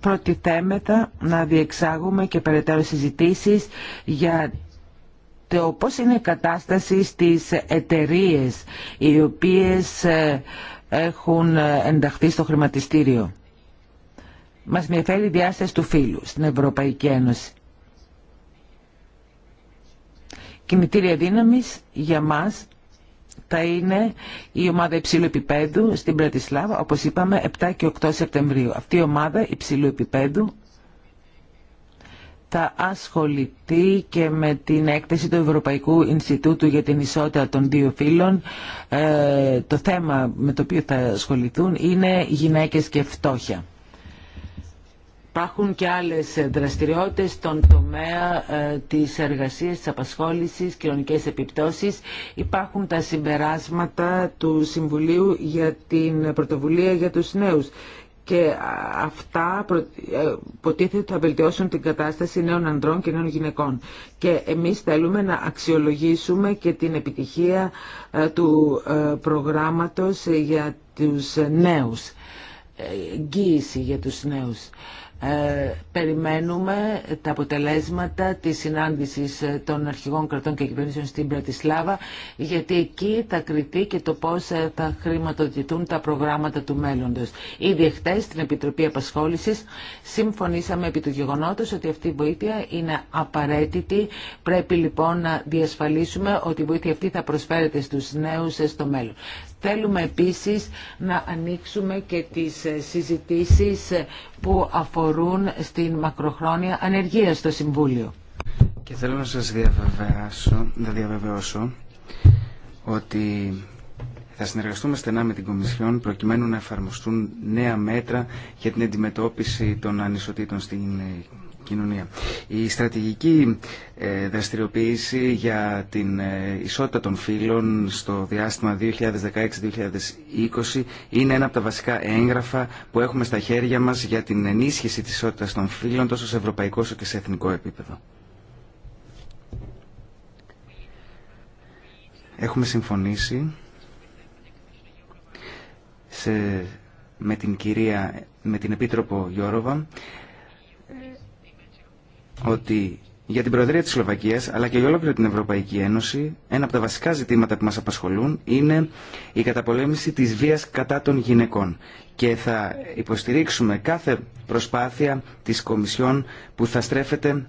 προτιθέμετα να διεξάγουμε και περαιτέρω συζητήσεις για το πώς είναι η κατάσταση στις εταιρείες οι οποίες ε, έχουν ενταχθεί στο χρηματιστήριο. Μας ενδιαφέρει η διάσταση του φύλου στην Ευρωπαϊκή Ένωση. Κινητήρια δύναμης για μας θα είναι η ομάδα υψηλού επίπεδου στην Πρατισλάβα, όπως είπαμε, 7 και 8 Σεπτεμβρίου. Αυτή η ομάδα υψηλού επίπεδου θα ασχοληθεί και με την έκθεση του Ευρωπαϊκού Ινστιτούτου για την Ισότητα των Δύο Φύλων. Ε, το θέμα με το οποίο θα ασχοληθούν είναι γυναίκες και φτώχεια. Υπάρχουν και άλλες δραστηριότητες στον τομέα ε, της εργασίας, της απασχόλησης, κοινωνικές επιπτώσεις. Υπάρχουν τα συμπεράσματα του Συμβουλίου για την πρωτοβουλία για τους νέους και αυτά ε, υποτίθεται θα βελτιώσουν την κατάσταση νέων ανδρών και νέων γυναικών. Και εμείς θέλουμε να αξιολογήσουμε και την επιτυχία ε, του προγράμματος για τους νέους, εγγύηση για τους νέους. Ε, περιμένουμε τα αποτελέσματα της συνάντησης των αρχηγών κρατών και κυβερνήσεων στην Πρατισλάβα γιατί εκεί θα κριθεί και το πώς θα χρηματοδοτηθούν τα προγράμματα του μέλλοντος. Ήδη χτες στην Επιτροπή Απασχόλησης συμφωνήσαμε επί του γεγονότος ότι αυτή η βοήθεια είναι απαραίτητη. Πρέπει λοιπόν να διασφαλίσουμε ότι η βοήθεια αυτή θα προσφέρεται στους νέους στο μέλλον. Θέλουμε επίσης να ανοίξουμε και τις ε, συζητήσεις ε, που αφορούν στην μακροχρόνια ανεργία
στο Συμβούλιο. Και θέλω να σας διαβεβαιώσω, να διαβεβαιώσω ότι θα συνεργαστούμε στενά με την Κομισιόν προκειμένου να εφαρμοστούν νέα μέτρα για την αντιμετώπιση των ανισοτήτων στην ε, κοινωνία. Η στρατηγική ε, δραστηριοποίηση για την ε, ισότητα των φύλων στο διάστημα 2016-2020 είναι ένα από τα βασικά έγγραφα που έχουμε στα χέρια μας για την ενίσχυση της ισότητας των φύλων τόσο σε ευρωπαϊκό όσο και σε εθνικό επίπεδο. Έχουμε συμφωνήσει σε, με την κυρία, με την Επίτροπο Γιώροβα ότι για την Προεδρία της Σλοβακίας αλλά και για ολόκληρη την Ευρωπαϊκή Ένωση ένα από τα βασικά ζητήματα που μας απασχολούν είναι η καταπολέμηση της βίας κατά των γυναικών και θα υποστηρίξουμε κάθε προσπάθεια της Κομισιόν που θα στρέφεται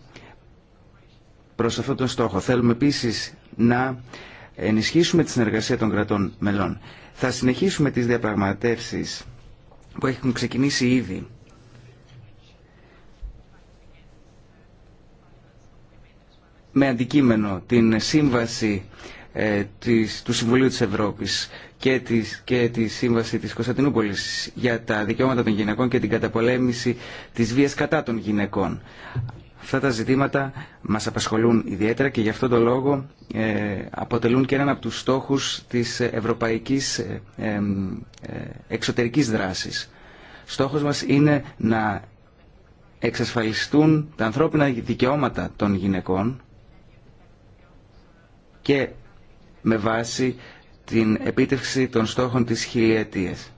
προς αυτόν τον στόχο. Θέλουμε επίσης να ενισχύσουμε τη συνεργασία των κρατών μελών. Θα συνεχίσουμε τις διαπραγματεύσεις που έχουν ξεκινήσει ήδη με αντικείμενο την σύμβαση ε, της, του Συμβουλίου της Ευρώπης και, της, τη σύμβαση της Κωνσταντινούπολης για τα δικαιώματα των γυναικών και την καταπολέμηση της βίας κατά των γυναικών. Αυτά τα ζητήματα μας απασχολούν ιδιαίτερα και γι' αυτόν τον λόγο ε, αποτελούν και έναν από τους στόχους της ευρωπαϊκής ε, ε, ε, εξωτερικής δράσης. Στόχος μας είναι να εξασφαλιστούν τα ανθρώπινα δικαιώματα των γυναικών και με βάση την επίτευξη των στόχων της χιλιετίας.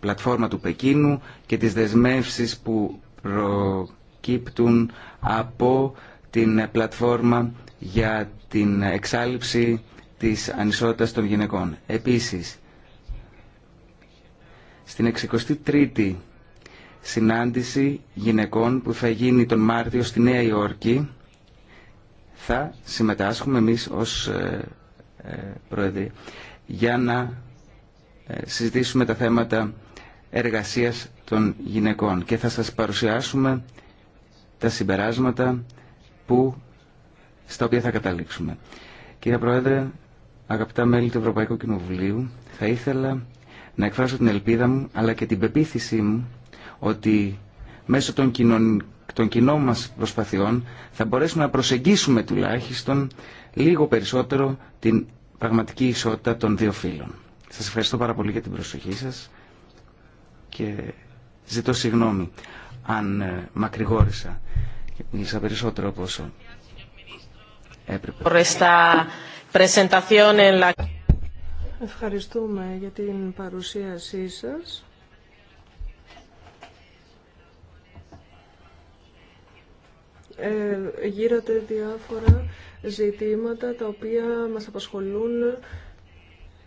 Πλατφόρμα του Πεκίνου και τις δεσμεύσεις που προκύπτουν από την πλατφόρμα για την εξάλληψη της ανισότητας των γυναικών. Επίσης, στην 63η συνάντηση γυναικών που θα γίνει τον Μάρτιο στη Νέα Υόρκη, θα συμμετάσχουμε εμείς ως ε, ε, Πρόεδροι για να ε, συζητήσουμε τα θέματα εργασίας των γυναικών και θα σας παρουσιάσουμε τα συμπεράσματα που, στα οποία θα καταλήξουμε. Κύριε Πρόεδρε, αγαπητά μέλη του Ευρωπαϊκού Κοινοβουλίου, θα ήθελα να εκφράσω την ελπίδα μου αλλά και την πεποίθησή μου ότι μέσω των κοινωνικών των κοινών μας προσπαθειών θα μπορέσουμε να προσεγγίσουμε τουλάχιστον λίγο περισσότερο την πραγματική ισότητα των δύο φύλων. Σας ευχαριστώ πάρα πολύ για την προσοχή σας και ζητώ συγγνώμη αν ε, μακρηγόρησα και μίλησα περισσότερο από όσο έπρεπε.
Ευχαριστούμε για την παρουσίασή σας. Ε, γύρατε διάφορα ζητήματα τα οποία μας απασχολούν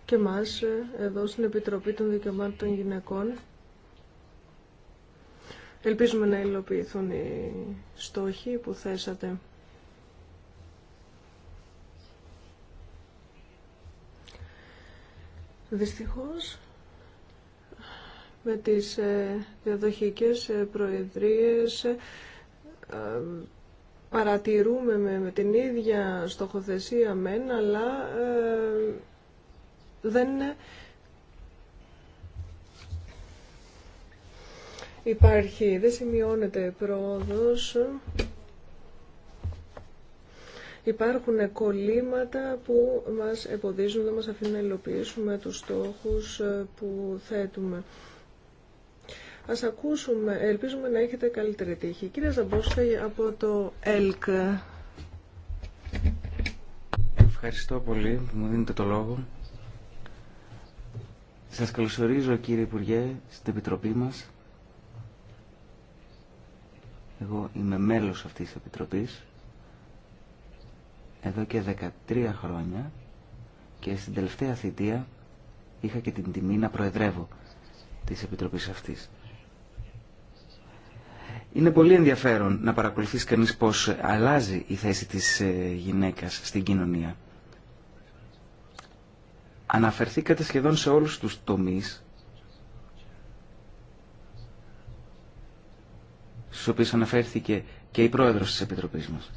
και μας ε, εδώ στην Επιτροπή των Δικαιωμάτων των Γυναικών. Ελπίζουμε να υλοποιηθούν οι στόχοι που θέσατε. Δυστυχώς, με τις ε, διαδοχικές προεδρίες παρατηρούμε με, με την ίδια στοχοθεσία μεν, αλλά ε, δεν υπάρχει, δεν σημειώνεται πρόοδος. Υπάρχουν κολλήματα που μας εμποδίζουν, δεν μας αφήνουν να υλοποιήσουμε τους στόχους ε, που θέτουμε. Ας ακούσουμε, ελπίζουμε να έχετε καλύτερη τύχη. Κύριε Ζαμπόσκα από το ΕΛΚ.
Ευχαριστώ πολύ που μου δίνετε το λόγο. Σας καλωσορίζω κύριε Υπουργέ στην Επιτροπή μας. Εγώ είμαι μέλος αυτής της Επιτροπής εδώ και 13 χρόνια και στην τελευταία θητεία είχα και την τιμή να προεδρεύω της Επιτροπής αυτής. Είναι πολύ ενδιαφέρον να παρακολουθείς κανείς πώς αλλάζει η θέση της ε, γυναίκας στην κοινωνία. Αναφερθήκατε σχεδόν σε όλους τους τομείς στους οποίους αναφέρθηκε και η πρόεδρος της Επιτροπής μας.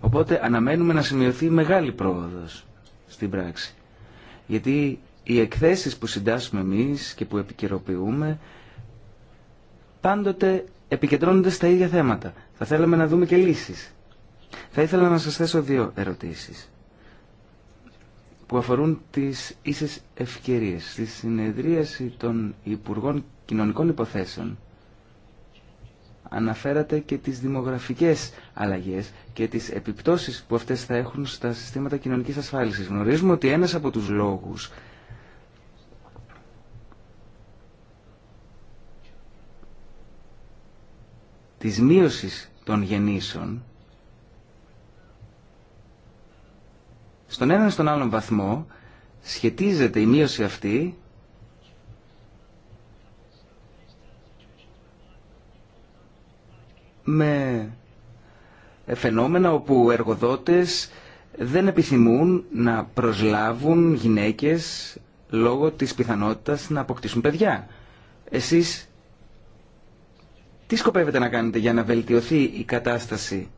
Οπότε αναμένουμε να σημειωθεί μεγάλη πρόοδος στην πράξη. Γιατί οι εκθέσεις που συντάσσουμε εμείς και που επικαιροποιούμε πάντοτε επικεντρώνονται στα ίδια θέματα. Θα θέλαμε να δούμε και λύσεις. Θα ήθελα να σας θέσω δύο ερωτήσεις που αφορούν τις ίσες ευκαιρίες. Στη συνεδρίαση των Υπουργών Κοινωνικών Υποθέσεων αναφέρατε και τις δημογραφικές αλλαγές και τις επιπτώσεις που αυτές θα έχουν στα συστήματα κοινωνικής ασφάλισης. Γνωρίζουμε ότι ένας από τους λόγους της μείωσης των γεννήσεων στον έναν στον άλλον βαθμό σχετίζεται η μείωση αυτή με φαινόμενα όπου εργοδότες δεν επιθυμούν να προσλάβουν γυναίκες λόγω της πιθανότητας να αποκτήσουν παιδιά. Εσείς τι σκοπεύετε να κάνετε για να βελτιωθεί η κατάσταση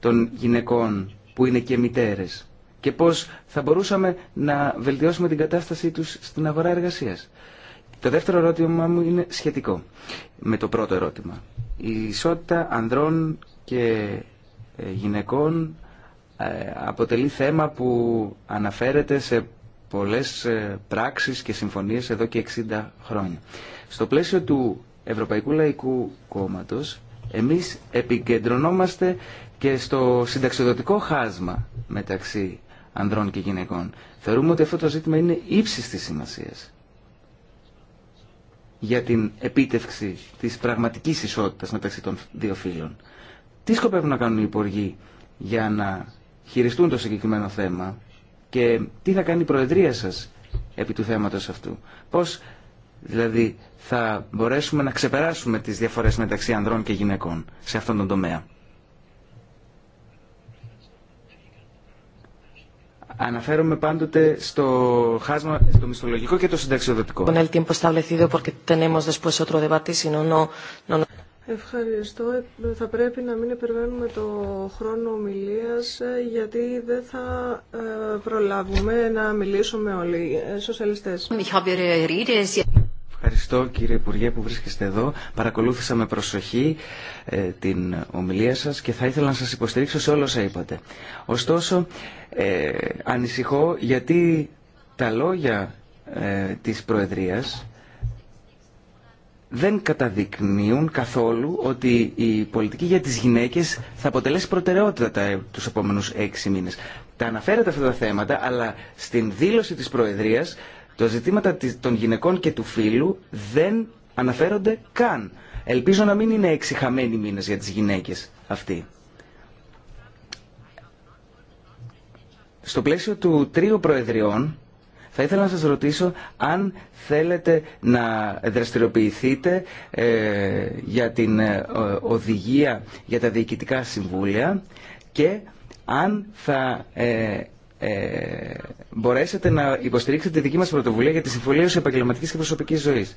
των γυναικών που είναι και μητέρες και πώς θα μπορούσαμε να βελτιώσουμε την κατάστασή τους στην αγορά εργασίας. Το δεύτερο ερώτημα μου είναι σχετικό με το πρώτο ερώτημα. Η ισότητα ανδρών και ε, γυναικών ε, αποτελεί θέμα που αναφέρεται σε πολλές ε, πράξεις και συμφωνίες εδώ και 60 χρόνια. Στο πλαίσιο του Ευρωπαϊκού Λαϊκού Κόμματος εμείς επικεντρωνόμαστε και στο συνταξιοδοτικό χάσμα μεταξύ ανδρών και γυναικών. Θεωρούμε ότι αυτό το ζήτημα είναι ύψης της σημασίας για την επίτευξη της πραγματικής ισότητας μεταξύ των δύο φύλων. Τι σκοπεύουν να κάνουν οι υπουργοί για να χειριστούν το συγκεκριμένο θέμα και τι θα κάνει η Προεδρία σας επί του θέματος αυτού. Πώς Δηλαδή θα μπορέσουμε να ξεπεράσουμε τις διαφορές μεταξύ ανδρών και γυναικών σε αυτόν τον τομέα. Αναφέρομαι πάντοτε στο χάσμα, στο μισθολογικό και το συνταξιοδοτικό.
Ευχαριστώ. Θα πρέπει να μην υπερβαίνουμε το χρόνο ομιλίας ε, γιατί δεν θα ε, προλάβουμε να μιλήσουμε όλοι. οι Σοσιαλιστές.
Ευχαριστώ κύριε Υπουργέ που βρίσκεστε εδώ. Παρακολούθησα με προσοχή ε, την ομιλία σας και θα ήθελα να σας υποστηρίξω σε όλα όσα είπατε. Ωστόσο, ε, ανησυχώ γιατί τα λόγια ε, της Προεδρίας δεν καταδεικνύουν καθόλου ότι η πολιτική για τις γυναίκες θα αποτελέσει προτεραιότητα τα, τους επόμενους έξι μήνες. Τα αναφέρετε αυτά τα θέματα, αλλά στην δήλωση της Προεδρίας τα ζητήματα των γυναικών και του φίλου δεν αναφέρονται καν. Ελπίζω να μην είναι εξηχαμένοι μήνες για τις γυναίκες αυτοί. Στο πλαίσιο του τρίου προεδριών θα ήθελα να σας ρωτήσω αν θέλετε να δραστηριοποιηθείτε ε, για την ε, οδηγία για τα διοικητικά συμβούλια και αν θα ε, ε, μπορέσετε να υποστηρίξετε τη δική μας πρωτοβουλία για τη ως επαγγελματικής και προσωπικής ζωής.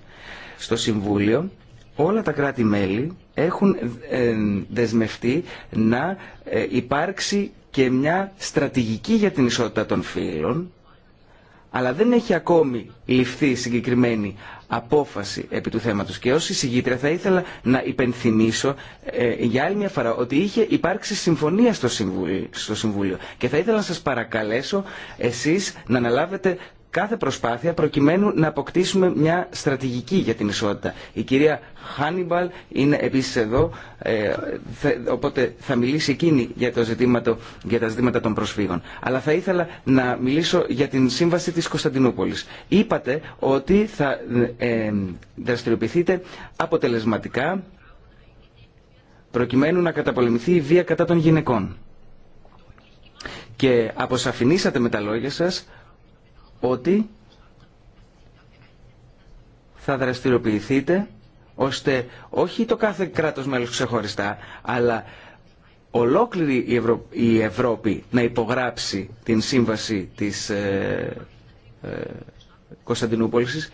Στο Συμβούλιο όλα τα κράτη-μέλη έχουν ε, δεσμευτεί να ε, υπάρξει και μια στρατηγική για την ισότητα των φύλων αλλά δεν έχει ακόμη ληφθεί συγκεκριμένη απόφαση επί του θέματος. Και ως εισηγήτρια θα ήθελα να υπενθυμίσω ε, για άλλη μια φορά ότι είχε υπάρξει συμφωνία στο Συμβούλιο, στο Συμβούλιο. Και θα ήθελα να σας παρακαλέσω εσείς να αναλάβετε κάθε προσπάθεια προκειμένου να αποκτήσουμε μια στρατηγική για την ισότητα. Η κυρία Χάνιμπαλ είναι επίσης εδώ, ε, οπότε θα μιλήσει εκείνη για, το ζήτημα για τα ζητήματα των προσφύγων. Αλλά θα ήθελα να μιλήσω για την σύμβαση της Κωνσταντινούπολης. Είπατε ότι θα ε, δραστηριοποιηθείτε αποτελεσματικά προκειμένου να καταπολεμηθεί η βία κατά των γυναικών. Και αποσαφηνίσατε με τα λόγια σας ότι θα δραστηριοποιηθείτε ώστε όχι το κάθε κράτος μέλος ξεχωριστά, αλλά ολόκληρη η, Ευρώπη να υπογράψει την σύμβαση της ε... Ε... Κωνσταντινούπολης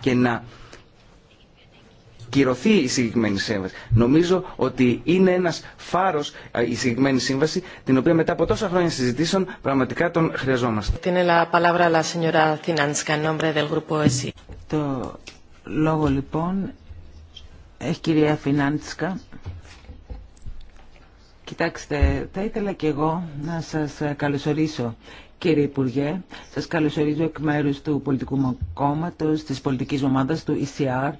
και να κυρωθεί η συγκεκριμένη σύμβαση. Νομίζω ότι είναι ένα φάρο η συγκεκριμένη σύμβαση, την οποία μετά από τόσα χρόνια συζητήσεων πραγματικά τον χρειαζόμαστε.
Το λόγο λοιπόν έχει κυρία Φινάντσκα. Κοιτάξτε, θα ήθελα και εγώ να σας καλωσορίσω Κύριε Υπουργέ, σας καλωσορίζω εκ μέρους του πολιτικού μου κόμματος, της πολιτικής ομάδας του ECR.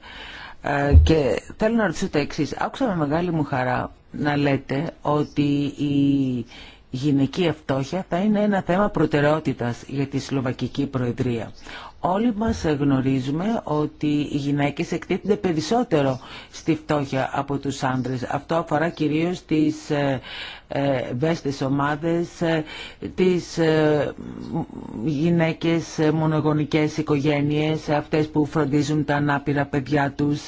Ε, και θέλω να ρωτήσω τα εξή. Άκουσα με μεγάλη μου χαρά να λέτε ότι η γυναική φτώχεια θα είναι ένα θέμα προτεραιότητας για τη Σλοβακική Προεδρία. Όλοι μας γνωρίζουμε ότι οι γυναίκες εκτίθενται περισσότερο στη φτώχεια από τους άντρες. Αυτό αφορά κυρίως τις βέστες ε, ε, ομάδες, ε, τις γυναίκες μονογονικές οικογένειες, αυτές που φροντίζουν τα ανάπηρα παιδιά τους.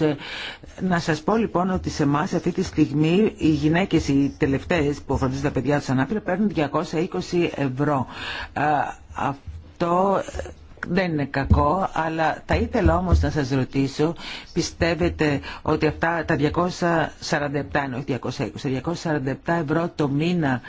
Να σας πω λοιπόν ότι σε εμά αυτή τη στιγμή οι γυναίκες οι τελευταίες που φροντίζουν τα παιδιά τους ανάπηρα παίρνουν 220 ευρώ. Αυτό δεν είναι κακό, αλλά θα ήθελα όμως να σας ρωτήσω, πιστεύετε ότι αυτά τα 247, 220, 247 ευρώ το μήνα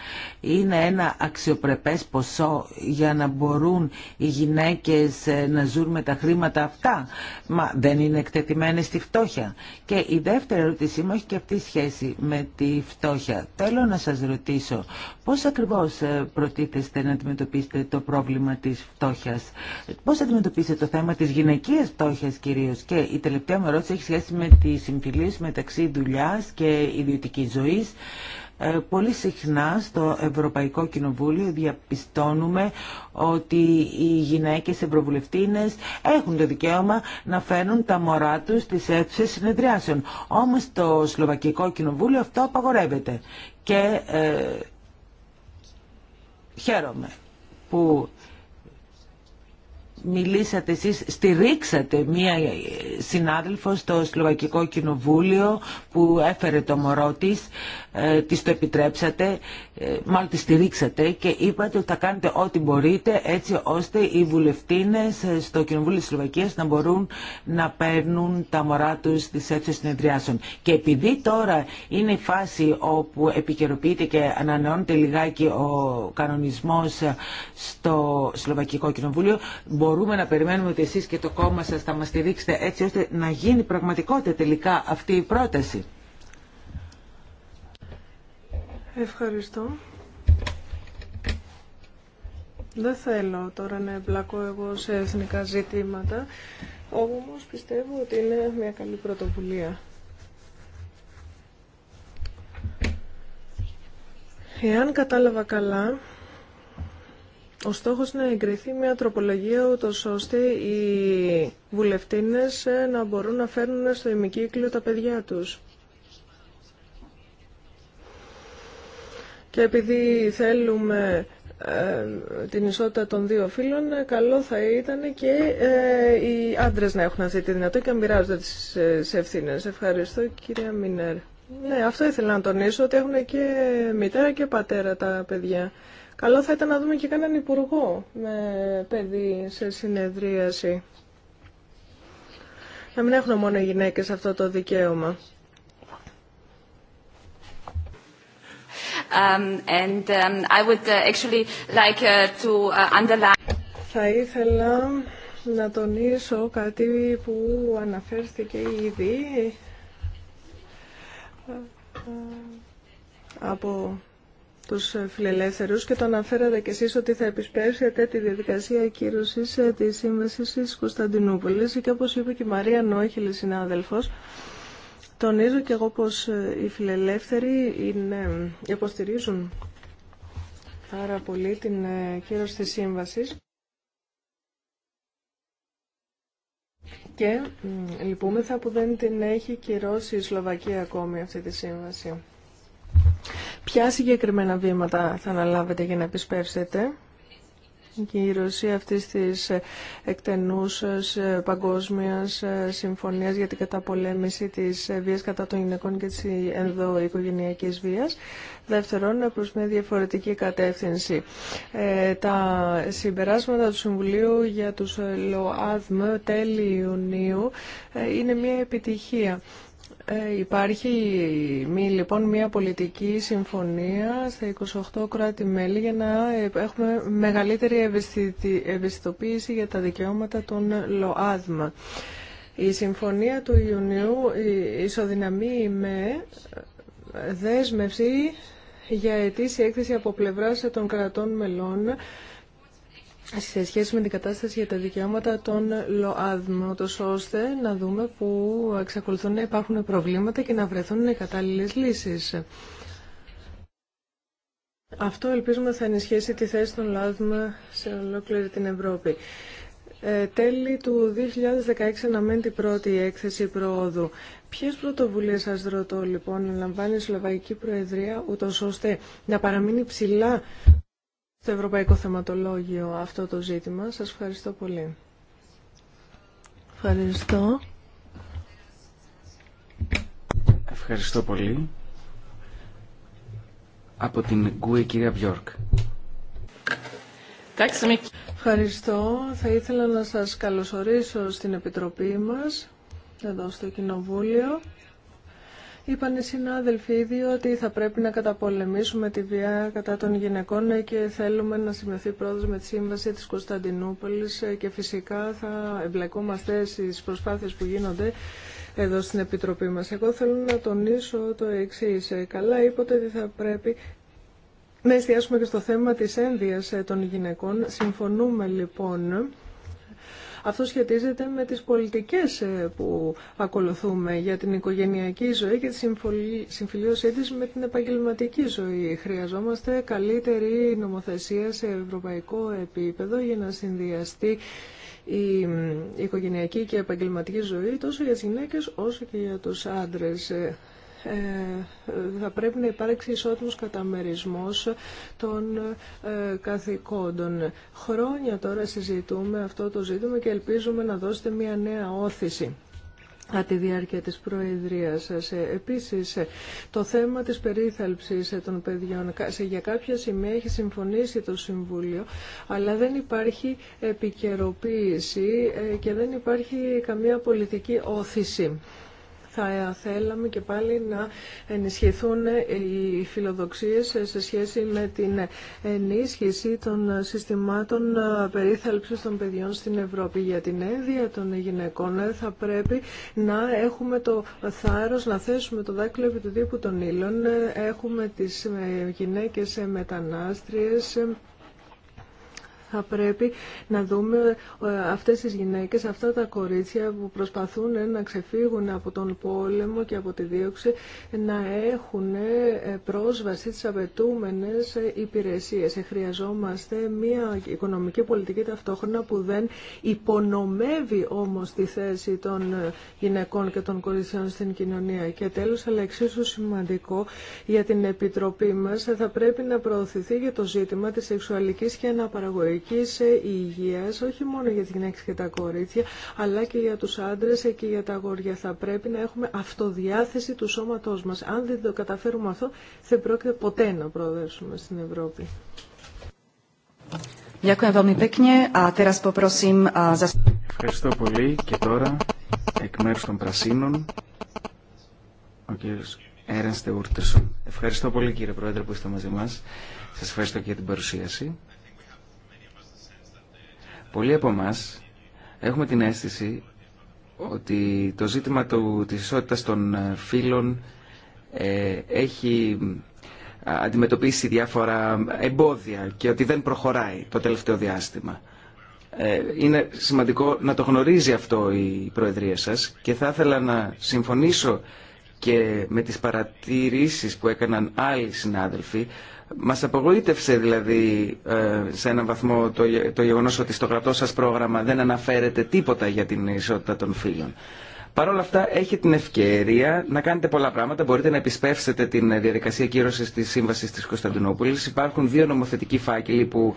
είναι ένα αξιοπρεπές ποσό για να μπορούν οι γυναίκες ε, να ζουν με τα χρήματα αυτά, μα δεν είναι εκτεθειμένες στη φτώχεια. Και η δεύτερη ερώτησή μου έχει και αυτή σχέση με τη φτώχεια. Θέλω να σας ρωτήσω, πώς ακριβώς ε, προτίθεστε να αντιμετωπίσετε το πρόβλημα της φτώχειας Πώ αντιμετωπίσετε το θέμα της γυναικείας πτώχειας κυρίω. και η τελευταία μου ερώτηση έχει σχέση με τι συμφιλίε μεταξύ δουλειάς και ιδιωτική ζωής. Ε, πολύ συχνά στο Ευρωπαϊκό Κοινοβούλιο διαπιστώνουμε ότι οι γυναίκες ευρωβουλευτίνες έχουν το δικαίωμα να φέρουν τα μωρά τους στις αίθουσες συνεδριάσεων. Όμως στο Σλοβακικό Κοινοβούλιο αυτό απαγορεύεται. Και ε, χαίρομαι που μιλήσατε εσείς, στηρίξατε μία συνάδελφο στο Σλοβακικό Κοινοβούλιο που έφερε το μωρό της, ε, της το επιτρέψατε, ε, μάλλον τη στηρίξατε και είπατε ότι θα κάνετε ό,τι μπορείτε έτσι ώστε οι βουλευτίνες ε, στο Κοινοβούλιο της Σλοβακίας να μπορούν να παίρνουν τα μωρά τους στις αίθουσες συνεδριάσεων. Και επειδή τώρα είναι η φάση όπου επικαιροποιείται και ανανεώνεται λιγάκι ο κανονισμός ε, στο Σλοβακικό Κοινοβούλιο, μπορούμε να περιμένουμε ότι εσείς και το κόμμα σας θα μας στηρίξετε έτσι ώστε να γίνει πραγματικότητα τελικά αυτή η πρόταση.
Ευχαριστώ. Δεν θέλω τώρα να εμπλακώ εγώ σε εθνικά ζητήματα, όμως πιστεύω ότι είναι μια καλή πρωτοβουλία. Εάν κατάλαβα καλά, ο στόχος είναι να εγκριθεί μια τροπολογία ούτως ώστε οι βουλευτίνες ε, να μπορούν να φέρνουν στο ημικύκλιο τα παιδιά τους. Και επειδή θέλουμε ε, την ισότητα των δύο φίλων, ε, καλό θα ήταν και οι άντρες να έχουν αυτή τη δυνατότητα και να μοιράζονται τις ευθύνες. Ευχαριστώ κυρία Μινέρ. Ναι, αυτό ήθελα να τονίσω, ότι έχουν και μητέρα και πατέρα τα παιδιά. Καλό θα ήταν να δούμε και κανέναν υπουργό με παιδί σε συνεδρίαση. Να μην έχουν μόνο
οι γυναίκες αυτό το δικαίωμα.
Θα ήθελα να τονίσω κάτι που αναφέρθηκε ήδη ε, ε, από τους φιλελεύθερους και το αναφέρατε και εσείς ότι θα επισπεύσετε τη διαδικασία κύρωσης ε, της σύμβασης της Κωνσταντινούπολης και όπως είπε και η Μαρία Νόχιλη συνάδελφος, τονίζω κι εγώ πως ε, οι φιλελεύθεροι είναι, ε, υποστηρίζουν πάρα πολύ την κύρωση της σύμβασης. Και λυπούμεθα που δεν την έχει κυρώσει η Σλοβακία ακόμη αυτή τη σύμβαση. Ποια συγκεκριμένα βήματα θα αναλάβετε για να επισπεύσετε και η Ρωσία αυτής της ε, εκτενούς ε, ε, παγκόσμιας συμφωνίας για την καταπολέμηση της βίας κατά των γυναικών και της ενδοοικογενειακής βίας. Δεύτερον, προς μια διαφορετική κατεύθυνση. τα συμπεράσματα του Συμβουλίου για τους ΛΟΑΔΜ τέλη Ιουνίου είναι μια επιτυχία. Ε, υπάρχει μη, λοιπόν μια πολιτική συμφωνία στα 28 κράτη-μέλη για να ε, έχουμε μεγαλύτερη ευαισθητοποίηση για τα δικαιώματα των ΛΟΑΔΜΑ. Η συμφωνία του Ιουνίου ε, ισοδυναμεί με δέσμευση για αιτήσια έκθεση από πλευράς των κρατών μελών σε σχέση με την κατάσταση για τα δικαιώματα των ΛΟΑΔΜ, ούτως ώστε να δούμε που εξακολουθούν να υπάρχουν προβλήματα και να βρεθούν οι κατάλληλες λύσεις. Αυτό ελπίζουμε θα ενισχύσει τη θέση των ΛΟΑΔΜ σε ολόκληρη την Ευρώπη. Ε, τέλη του 2016 αναμένει την πρώτη έκθεση προόδου. Ποιε πρωτοβουλίε σα ρωτώ λοιπόν να λαμβάνει η Σλοβακική Προεδρία ούτω ώστε να παραμείνει ψηλά στο Ευρωπαϊκό Θεματολόγιο αυτό το ζήτημα. Σας ευχαριστώ πολύ. Ευχαριστώ.
Ευχαριστώ πολύ. Από την ΚΟΥΕ κυρία Βιόρκ.
Ευχαριστώ. Θα ήθελα να σας καλωσορίσω στην Επιτροπή μας, εδώ στο Κοινοβούλιο. Είπαν οι συνάδελφοι ήδη ότι θα πρέπει να καταπολεμήσουμε τη βία κατά των γυναικών και θέλουμε να σημειωθεί πρόοδος με τη σύμβαση της Κωνσταντινούπολης και φυσικά θα εμπλεκόμαστε στις προσπάθειες που γίνονται εδώ στην Επιτροπή μας. Εγώ θέλω να τονίσω το εξής. Καλά είπατε ότι θα πρέπει να εστιάσουμε και στο θέμα της ένδυας των γυναικών. Συμφωνούμε λοιπόν αυτό σχετίζεται με τις πολιτικές ε, που ακολουθούμε για την οικογενειακή ζωή και τη συμφιλίωσή της με την επαγγελματική ζωή. Χρειαζόμαστε καλύτερη νομοθεσία σε ευρωπαϊκό επίπεδο για να συνδυαστεί η οικογενειακή και επαγγελματική ζωή τόσο για τις γυναίκες όσο και για τους άντρες. Ε, ε, θα πρέπει να υπάρξει ισότιμος καταμερισμός των ε, καθηκόντων. Χρόνια τώρα συζητούμε αυτό το ζήτημα και ελπίζουμε να δώσετε μια νέα όθηση από τη διάρκεια της Προεδρίας σας. Ε, επίσης, το θέμα της περίθαλψης των παιδιών για κάποια σημεία έχει συμφωνήσει το Συμβούλιο, αλλά δεν υπάρχει επικαιροποίηση και δεν υπάρχει καμία πολιτική όθηση θα θέλαμε και πάλι να ενισχυθούν οι φιλοδοξίες σε σχέση με την ενίσχυση των συστημάτων περίθαλψης των παιδιών στην Ευρώπη. Για την ένδυα των γυναικών θα πρέπει να έχουμε το θάρρος να θέσουμε το δάκτυλο επί του τύπου των Έχουμε τις γυναίκες μετανάστριες θα πρέπει να δούμε ε, αυτές τις γυναίκες, αυτά τα κορίτσια που προσπαθούν ε, να ξεφύγουν από τον πόλεμο και από τη δίωξη να έχουν ε, πρόσβαση στις απαιτούμενες υπηρεσίες. Χρειαζόμαστε μια οικονομική πολιτική ταυτόχρονα που δεν υπονομεύει όμως τη θέση των γυναικών και των κοριτσιών στην κοινωνία. Και τέλος, αλλά εξίσου σημαντικό για την Επιτροπή μας, θα πρέπει να προωθηθεί για το ζήτημα της σεξουαλικής και αναπαραγωγικής σεξουαλικής υγείας, όχι μόνο για τις γυναίκες και τα κορίτσια, αλλά και για τους άντρες και για τα αγόρια. Θα πρέπει να έχουμε αυτοδιάθεση του σώματός μας. Αν δεν το καταφέρουμε αυτό, δεν πρόκειται ποτέ να προοδεύσουμε στην Ευρώπη.
Ευχαριστώ πολύ και τώρα εκ μέρου των Πρασίνων ο κύριος Έρανστε Ούρτερσον. Ευχαριστώ πολύ κύριε Πρόεδρε που είστε μαζί μας. Σας ευχαριστώ και για την παρουσίαση. Πολλοί από εμά έχουμε την αίσθηση ότι το ζήτημα του, της ισότητας των ε, φύλων ε, έχει ε, αντιμετωπίσει διάφορα εμπόδια και ότι δεν προχωράει το τελευταίο διάστημα. Ε, είναι σημαντικό να το γνωρίζει αυτό η Προεδρία σας και θα ήθελα να συμφωνήσω και με τις παρατηρήσεις που έκαναν άλλοι συνάδελφοι μας απογοήτευσε δηλαδή ε, σε έναν βαθμό το γεγονός ότι στο κρατό σας πρόγραμμα δεν αναφέρεται τίποτα για την ισότητα των φύλων. Παρ' όλα αυτά έχει την ευκαιρία να κάνετε πολλά πράγματα. Μπορείτε να επισπεύσετε την διαδικασία κύρωση τη Σύμβαση τη Κωνσταντινούπολη. Υπάρχουν δύο νομοθετικοί φάκελοι που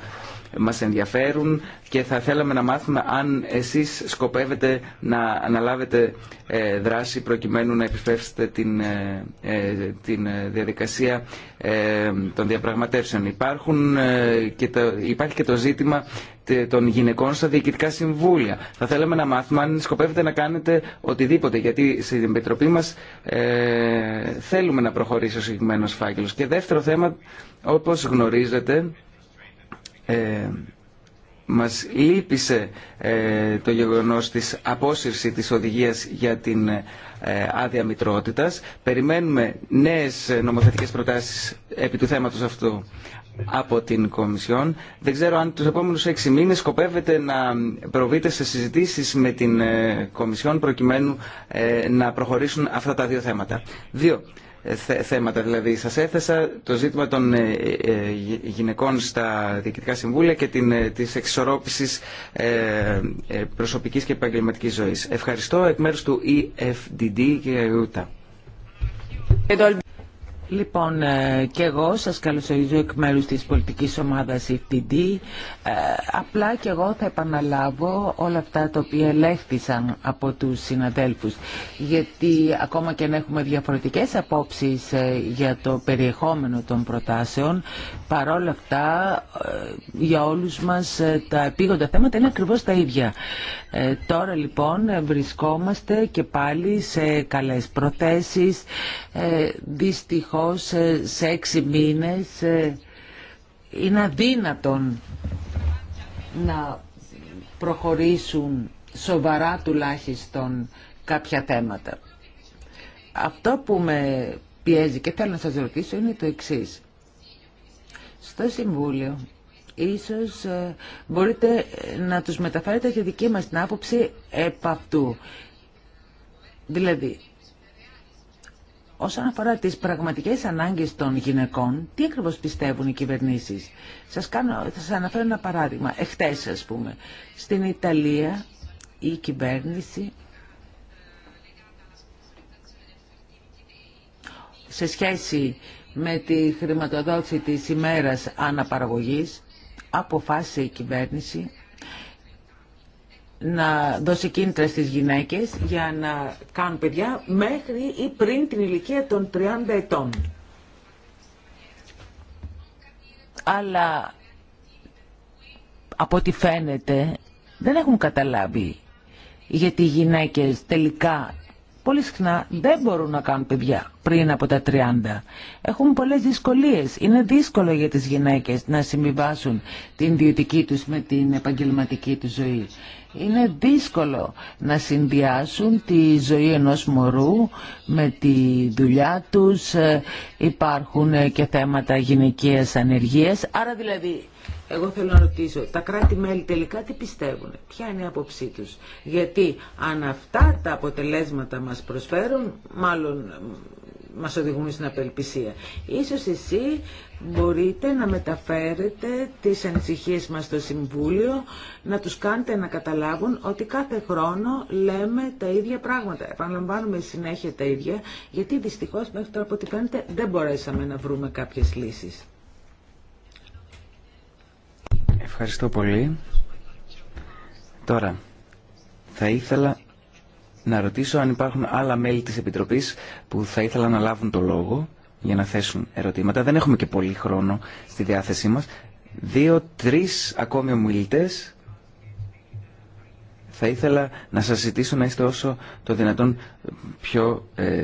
μας ενδιαφέρουν και θα θέλαμε να μάθουμε αν εσείς σκοπεύετε να αναλάβετε ε, δράση προκειμένου να επιφεύσετε την, ε, ε, την διαδικασία των διαπραγματεύσεων. Υπάρχουν και το, υπάρχει και το ζήτημα των γυναικών στα διοικητικά συμβούλια. Θα θέλαμε να μάθουμε αν σκοπεύετε να κάνετε οτιδήποτε, γιατί στην Επιτροπή μας θέλουμε να προχωρήσει ο συγκεκριμένο φάκελος. Και δεύτερο θέμα, όπως γνωρίζετε, ε, μας λύπησε ε, το γεγονός της απόσυρση της οδηγίας για την ε, άδεια μητρότητας. Περιμένουμε νέες νομοθετικές προτάσεις επί του θέματος αυτού από την Κομισιόν. Δεν ξέρω αν τους επόμενους έξι μήνες σκοπεύετε να προβείτε σε συζητήσεις με την ε, Κομισιόν προκειμένου να προχωρήσουν αυτά τα δύο θέματα. Δύο θέματα. Δηλαδή, σας έθεσα το ζήτημα των ε, ε, γυναικών στα διοικητικά συμβούλια και την, ε, της προσωπική προσωπικής και επαγγελματική ζωής. Ευχαριστώ εκ μέρους του EFDD, και Γιούτα. Λοιπόν, ε, και εγώ
σας καλωσορίζω εκ μέρους της πολιτικής ομάδας FTD. Ε, απλά και εγώ θα επαναλάβω όλα αυτά τα οποία ελέγχθησαν από τους συναδέλφους. Γιατί ακόμα και αν έχουμε διαφορετικές απόψεις ε, για το περιεχόμενο των προτάσεων, παρόλα αυτά για όλους μας τα επίγοντα θέματα είναι ακριβώς τα ίδια. τώρα λοιπόν βρισκόμαστε και πάλι σε καλές προθέσεις. Ε, σε έξι μήνες ε, είναι αδύνατον να προχωρήσουν σοβαρά τουλάχιστον κάποια θέματα. Αυτό που με πιέζει και θέλω να σας ρωτήσω είναι το εξής. Στο Συμβούλιο ίσως ε, μπορείτε να τους μεταφέρετε και δική μας την άποψη επ' αυτού. Δηλαδή, Όσον αφορά τις πραγματικές ανάγκες των γυναικών, τι ακριβώς πιστεύουν οι κυβερνήσεις. Σας θα σας αναφέρω ένα παράδειγμα. Εχθές, ας πούμε, στην Ιταλία η κυβέρνηση σε σχέση με τη χρηματοδότηση της ημέρας αναπαραγωγής αποφάσισε η κυβέρνηση να δώσει κίνητρα στις γυναίκες για να κάνουν παιδιά μέχρι ή πριν την ηλικία των 30 ετών. Αλλά από ό,τι φαίνεται δεν έχουν καταλάβει γιατί οι γυναίκες τελικά πολύ συχνά δεν μπορούν να κάνουν παιδιά πριν από τα 30. Έχουν πολλές δυσκολίες. Είναι δύσκολο για τις γυναίκες να συμβιβάσουν την ιδιωτική τους με την επαγγελματική τους ζωή είναι δύσκολο να συνδυάσουν τη ζωή ενός μωρού με τη δουλειά τους. Ε, υπάρχουν ε, και θέματα γυναικείας ανεργίας. Άρα δηλαδή, εγώ θέλω να ρωτήσω, τα κράτη-μέλη τελικά τι πιστεύουν, ποια είναι η άποψή τους. Γιατί αν αυτά τα αποτελέσματα μας προσφέρουν, μάλλον μας οδηγούν στην απελπισία. Ίσως εσύ μπορείτε να μεταφέρετε τις ανησυχίες μας στο Συμβούλιο, να τους κάνετε να καταλάβουν ότι κάθε χρόνο λέμε τα ίδια πράγματα. Επαναλαμβάνουμε συνέχεια τα ίδια, γιατί δυστυχώς μέχρι τώρα από ό,τι φαίνεται δεν μπορέσαμε να βρούμε κάποιες
λύσεις. Ευχαριστώ πολύ. Τώρα, θα ήθελα να ρωτήσω αν υπάρχουν άλλα μέλη της Επιτροπής που θα ήθελα να λάβουν το λόγο για να θέσουν ερωτήματα. Δεν έχουμε και πολύ χρόνο στη διάθεσή μας. Δύο-τρεις ακόμη ομιλητές. Θα ήθελα να σας ζητήσω να είστε όσο το δυνατόν πιο ε,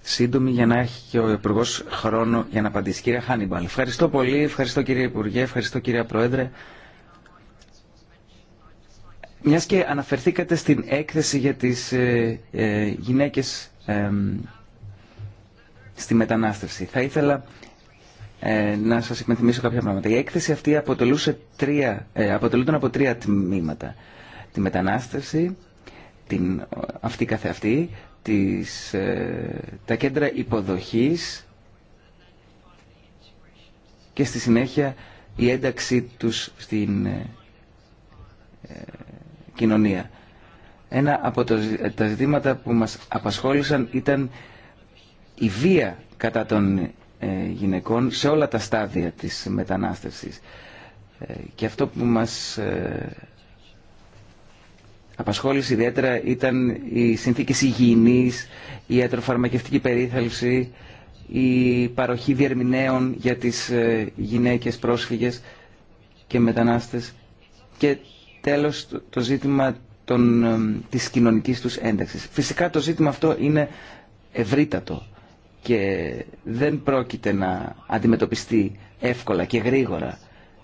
σύντομοι για να έχει και ο υπουργό χρόνο για να απαντήσει. Κύριε Χάνιμπαλ, ευχαριστώ πολύ, ευχαριστώ κύριε Υπουργέ, ευχαριστώ κύριε Πρόεδρε. Μιας και αναφερθήκατε στην έκθεση για τις ε, ε γυναίκες στη μετανάστευση, θα ήθελα ε, να σας υπενθυμίσω κάποια πράγματα. Η έκθεση αυτή αποτελούσε τρία, ε, αποτελούνταν από τρία τμήματα. Τη μετανάστευση, την, αυτή καθεαυτή, τα κέντρα υποδοχής και στη συνέχεια η ένταξή τους στην κοινωνία. Ένα από τα ζητήματα που μας απασχόλησαν ήταν η βία κατά των ε, γυναικών σε όλα τα στάδια της μετανάστευσης. Ε, και αυτό που μας ε, απασχόλησε ιδιαίτερα ήταν οι συνθήκες υγιεινής, η ιατροφαρμακευτική περίθαλψη, η παροχή διερμηνέων για τις γυναίκες πρόσφυγες και μετανάστες και τέλος το ζήτημα των, της κοινωνικής τους ένταξης. Φυσικά το ζήτημα αυτό είναι ευρύτατο και δεν πρόκειται να αντιμετωπιστεί εύκολα και γρήγορα.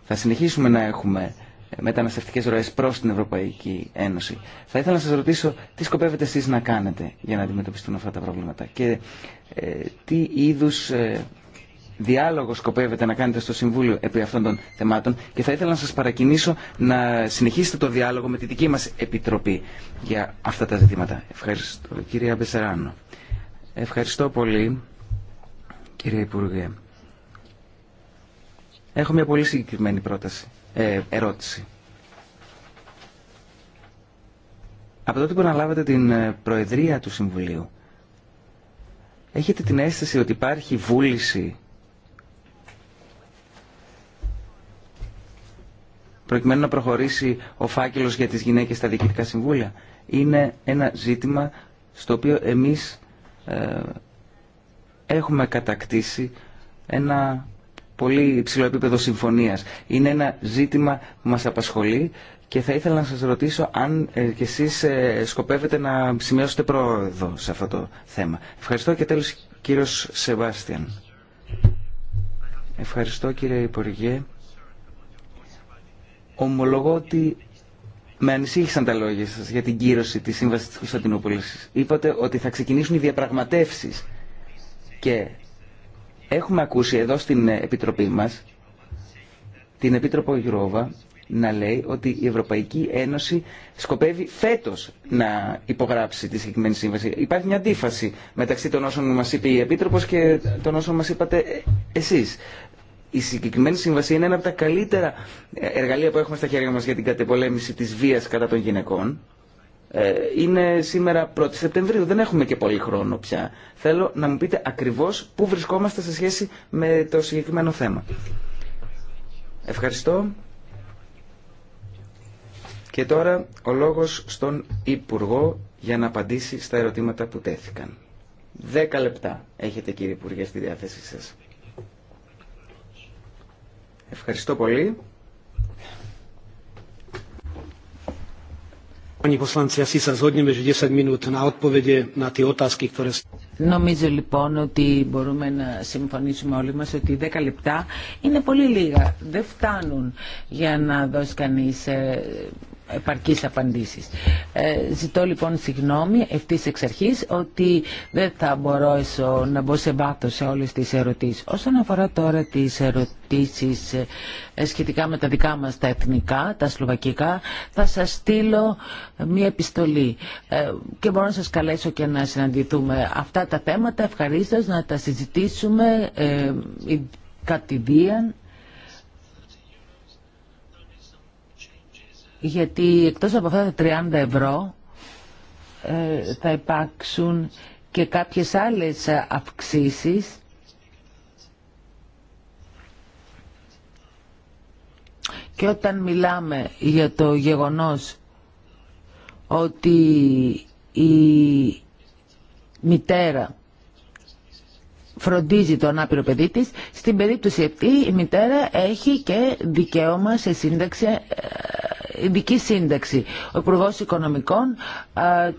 Θα συνεχίσουμε να έχουμε ε, μεταναστευτικές ροές προς την Ευρωπαϊκή Ένωση. Θα ήθελα να σας ρωτήσω τι σκοπεύετε εσείς να κάνετε για να αντιμετωπιστούν αυτά τα προβλήματα και ε, τι είδους ε, διάλογο σκοπεύετε να κάνετε στο Συμβούλιο επί αυτών των θεμάτων και θα ήθελα να σας παρακινήσω να συνεχίσετε το διάλογο με τη δική μας Επιτροπή για αυτά τα ζητήματα. Ευχαριστώ Κύριε Μπεσεράνο. Ευχαριστώ πολύ κύριε Υπουργέ. Έχω μια πολύ συγκεκριμένη πρόταση, ε, ερώτηση. Από τότε που αναλάβατε την ε, Προεδρία του Συμβουλίου, έχετε την αίσθηση ότι υπάρχει βούληση προκειμένου να προχωρήσει ο φάκελος για τις γυναίκες στα διοικητικά συμβούλια. Είναι ένα ζήτημα στο οποίο εμείς ε, έχουμε κατακτήσει ένα πολύ υψηλό επίπεδο συμφωνίας. Είναι ένα ζήτημα που μας απασχολεί και θα ήθελα να σας ρωτήσω αν ε, και εσείς ε, σκοπεύετε να σημειώσετε πρόοδο σε αυτό το θέμα. Ευχαριστώ και τέλος κύριος Σεβάστιαν. Ευχαριστώ κύριε Υπουργέ ομολογώ ότι με ανησύχησαν τα λόγια σας για την κύρωση της Σύμβασης της Κωνσταντινούπολης. Είπατε ότι θα ξεκινήσουν οι διαπραγματεύσεις και έχουμε ακούσει εδώ στην Επιτροπή μας την Επίτροπο Γιουρόβα να λέει ότι η Ευρωπαϊκή Ένωση σκοπεύει φέτος να υπογράψει τη συγκεκριμένη σύμβαση. Υπάρχει μια αντίφαση μεταξύ των όσων μα είπε η Επίτροπο και των όσων μα είπατε εσεί η συγκεκριμένη σύμβαση είναι ένα από τα καλύτερα ε, εργαλεία που έχουμε στα χέρια μας για την κατεπολέμηση της βίας κατά των γυναικών. Ε, είναι σήμερα 1η Σεπτεμβρίου, δεν έχουμε και πολύ χρόνο πια. Θέλω να μου πείτε ακριβώς πού βρισκόμαστε σε σχέση με το συγκεκριμένο θέμα. Ευχαριστώ. Και τώρα ο λόγος στον Υπουργό για να απαντήσει στα ερωτήματα που τέθηκαν. Δέκα λεπτά έχετε κύριε Υπουργέ στη διάθεσή σας. Ευχαριστώ πολύ.
Νομίζω λοιπόν ότι μπορούμε να συμφωνήσουμε όλοι μας ότι 10 λεπτά είναι πολύ λίγα. Δεν φτάνουν για να δώσει κανείς ε, επαρκείς απαντήσεις. Ε, ζητώ λοιπόν συγγνώμη ευθύς εξ αρχής ότι δεν θα μπορώ να μπω σε βάθος σε όλες τις ερωτήσεις. Όσον αφορά τώρα τις ερωτήσεις ε, σχετικά με τα δικά μας τα εθνικά, τα σλοβακικά, θα σας στείλω μία επιστολή ε, και μπορώ να σας καλέσω και να συναντηθούμε. Αυτά τα θέματα ευχαρίστως να τα συζητήσουμε ε, κατηδίαν γιατί εκτός από αυτά τα 30 ευρώ ε, θα υπάρξουν και κάποιες άλλες αυξήσεις και όταν μιλάμε για το γεγονός ότι η μητέρα φροντίζει τον άπειρο παιδί της, στην περίπτωση αυτή η μητέρα έχει και δικαίωμα σε σύνταξη ε, ειδική σύνταξη. Ο Υπουργό Οικονομικών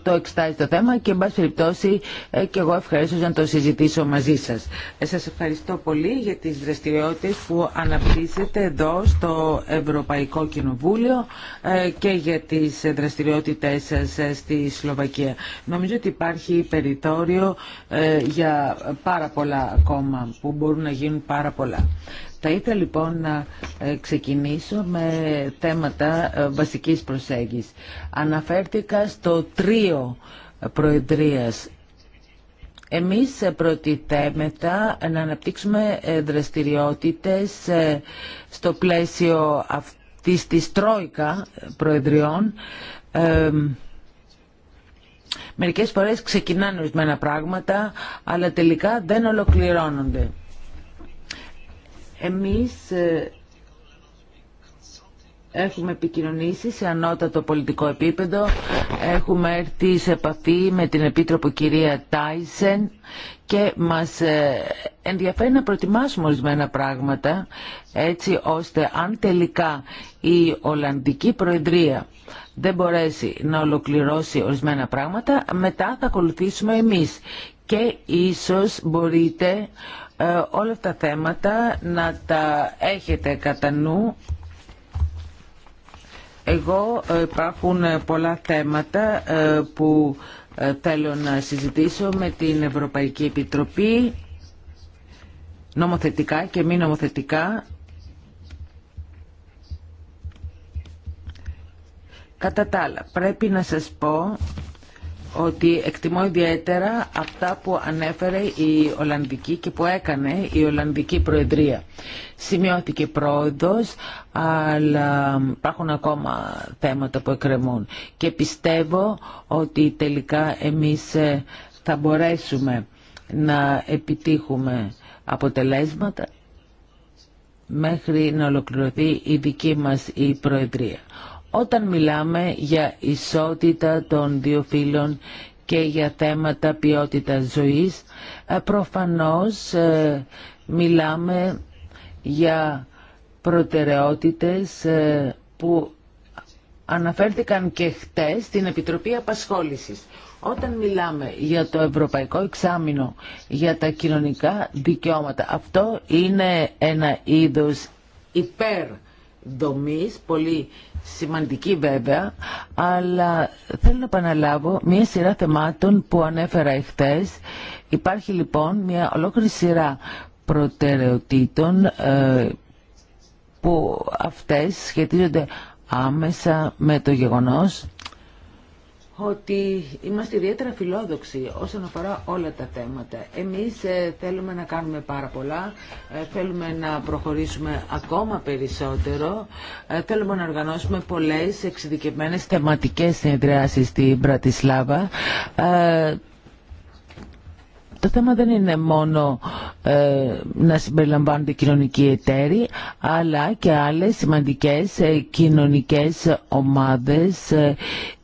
το εξτάζει το θέμα και, εν πάση περιπτώσει, ε, και εγώ ευχαρίστω να το συζητήσω μαζί σα. Ε, σα ευχαριστώ πολύ για τι δραστηριότητε που αναπτύσσετε εδώ στο Ευρωπαϊκό Κοινοβούλιο ε, και για τι δραστηριότητέ σα στη Σλοβακία. Νομίζω ότι υπάρχει περιτόριο για πάρα πολλά ακόμα που μπορούν να γίνουν πάρα πολλά. Θα ήθελα λοιπόν να ε, ξεκινήσω με θέματα ε, βασικής προσέγγισης. Αναφέρθηκα στο τρίο ε, προεδρίας. Εμείς προτιθέμεθα να αναπτύξουμε δραστηριότητες στο πλαίσιο αυτής της Τρόικα Προεδριών. Μερικές φορές ξεκινάνε ορισμένα πράγματα, αλλά τελικά δεν ολοκληρώνονται. Εμείς ε, Έχουμε επικοινωνήσει σε ανώτατο πολιτικό επίπεδο. Έχουμε έρθει σε επαφή με την Επίτροπο κυρία Τάισεν και μας ε, ενδιαφέρει να προετοιμάσουμε ορισμένα πράγματα έτσι ώστε αν τελικά η Ολλανδική Προεδρία δεν μπορέσει να ολοκληρώσει ορισμένα πράγματα μετά θα ακολουθήσουμε εμείς και ίσως μπορείτε ε, όλα αυτά τα θέματα να τα έχετε κατά νου. Εγώ ε, υπάρχουν πολλά θέματα ε, που θέλω να συζητήσω με την Ευρωπαϊκή Επιτροπή νομοθετικά και μη νομοθετικά. Κατά τα άλλα, πρέπει να σας πω ότι εκτιμώ ιδιαίτερα αυτά που ανέφερε η Ολλανδική και που έκανε η Ολλανδική Προεδρία. Σημειώθηκε πρόοδος, αλλά υπάρχουν ακόμα θέματα που εκκρεμούν. Και πιστεύω ότι τελικά εμείς ε, θα μπορέσουμε να επιτύχουμε αποτελέσματα μέχρι να ολοκληρωθεί η δική μας η Προεδρία. Όταν μιλάμε για ισότητα των δύο φύλων και για θέματα ποιότητας ζωής, ε, προφανώς ε, μιλάμε για προτεραιότητες ε, που αναφέρθηκαν και χτες στην Επιτροπή Απασχόλησης. Όταν μιλάμε για το Ευρωπαϊκό Εξάμεινο, για τα κοινωνικά δικαιώματα, αυτό είναι ένα είδος υπέρ δομής, πολύ σημαντική βέβαια, αλλά θέλω να επαναλάβω μία σειρά θεμάτων που ανέφερα εχθές. Υπάρχει λοιπόν μία ολόκληρη σειρά προτεραιοτήτων ε, που αυτές σχετίζονται άμεσα με το γεγονός ότι είμαστε ιδιαίτερα φιλόδοξοι όσον αφορά όλα τα θέματα. Εμείς ε, θέλουμε να κάνουμε πάρα πολλά, ε, θέλουμε να προχωρήσουμε ακόμα περισσότερο, ε, θέλουμε να οργανώσουμε πολλές εξειδικευμένες θεματικές συνεδριάσεις στην Πρατισλάβα. Το θέμα δεν είναι μόνο να συμπεριλαμβάνονται κοινωνικοί εταίροι, αλλά και άλλες σημαντικές κοινωνικές ομάδες,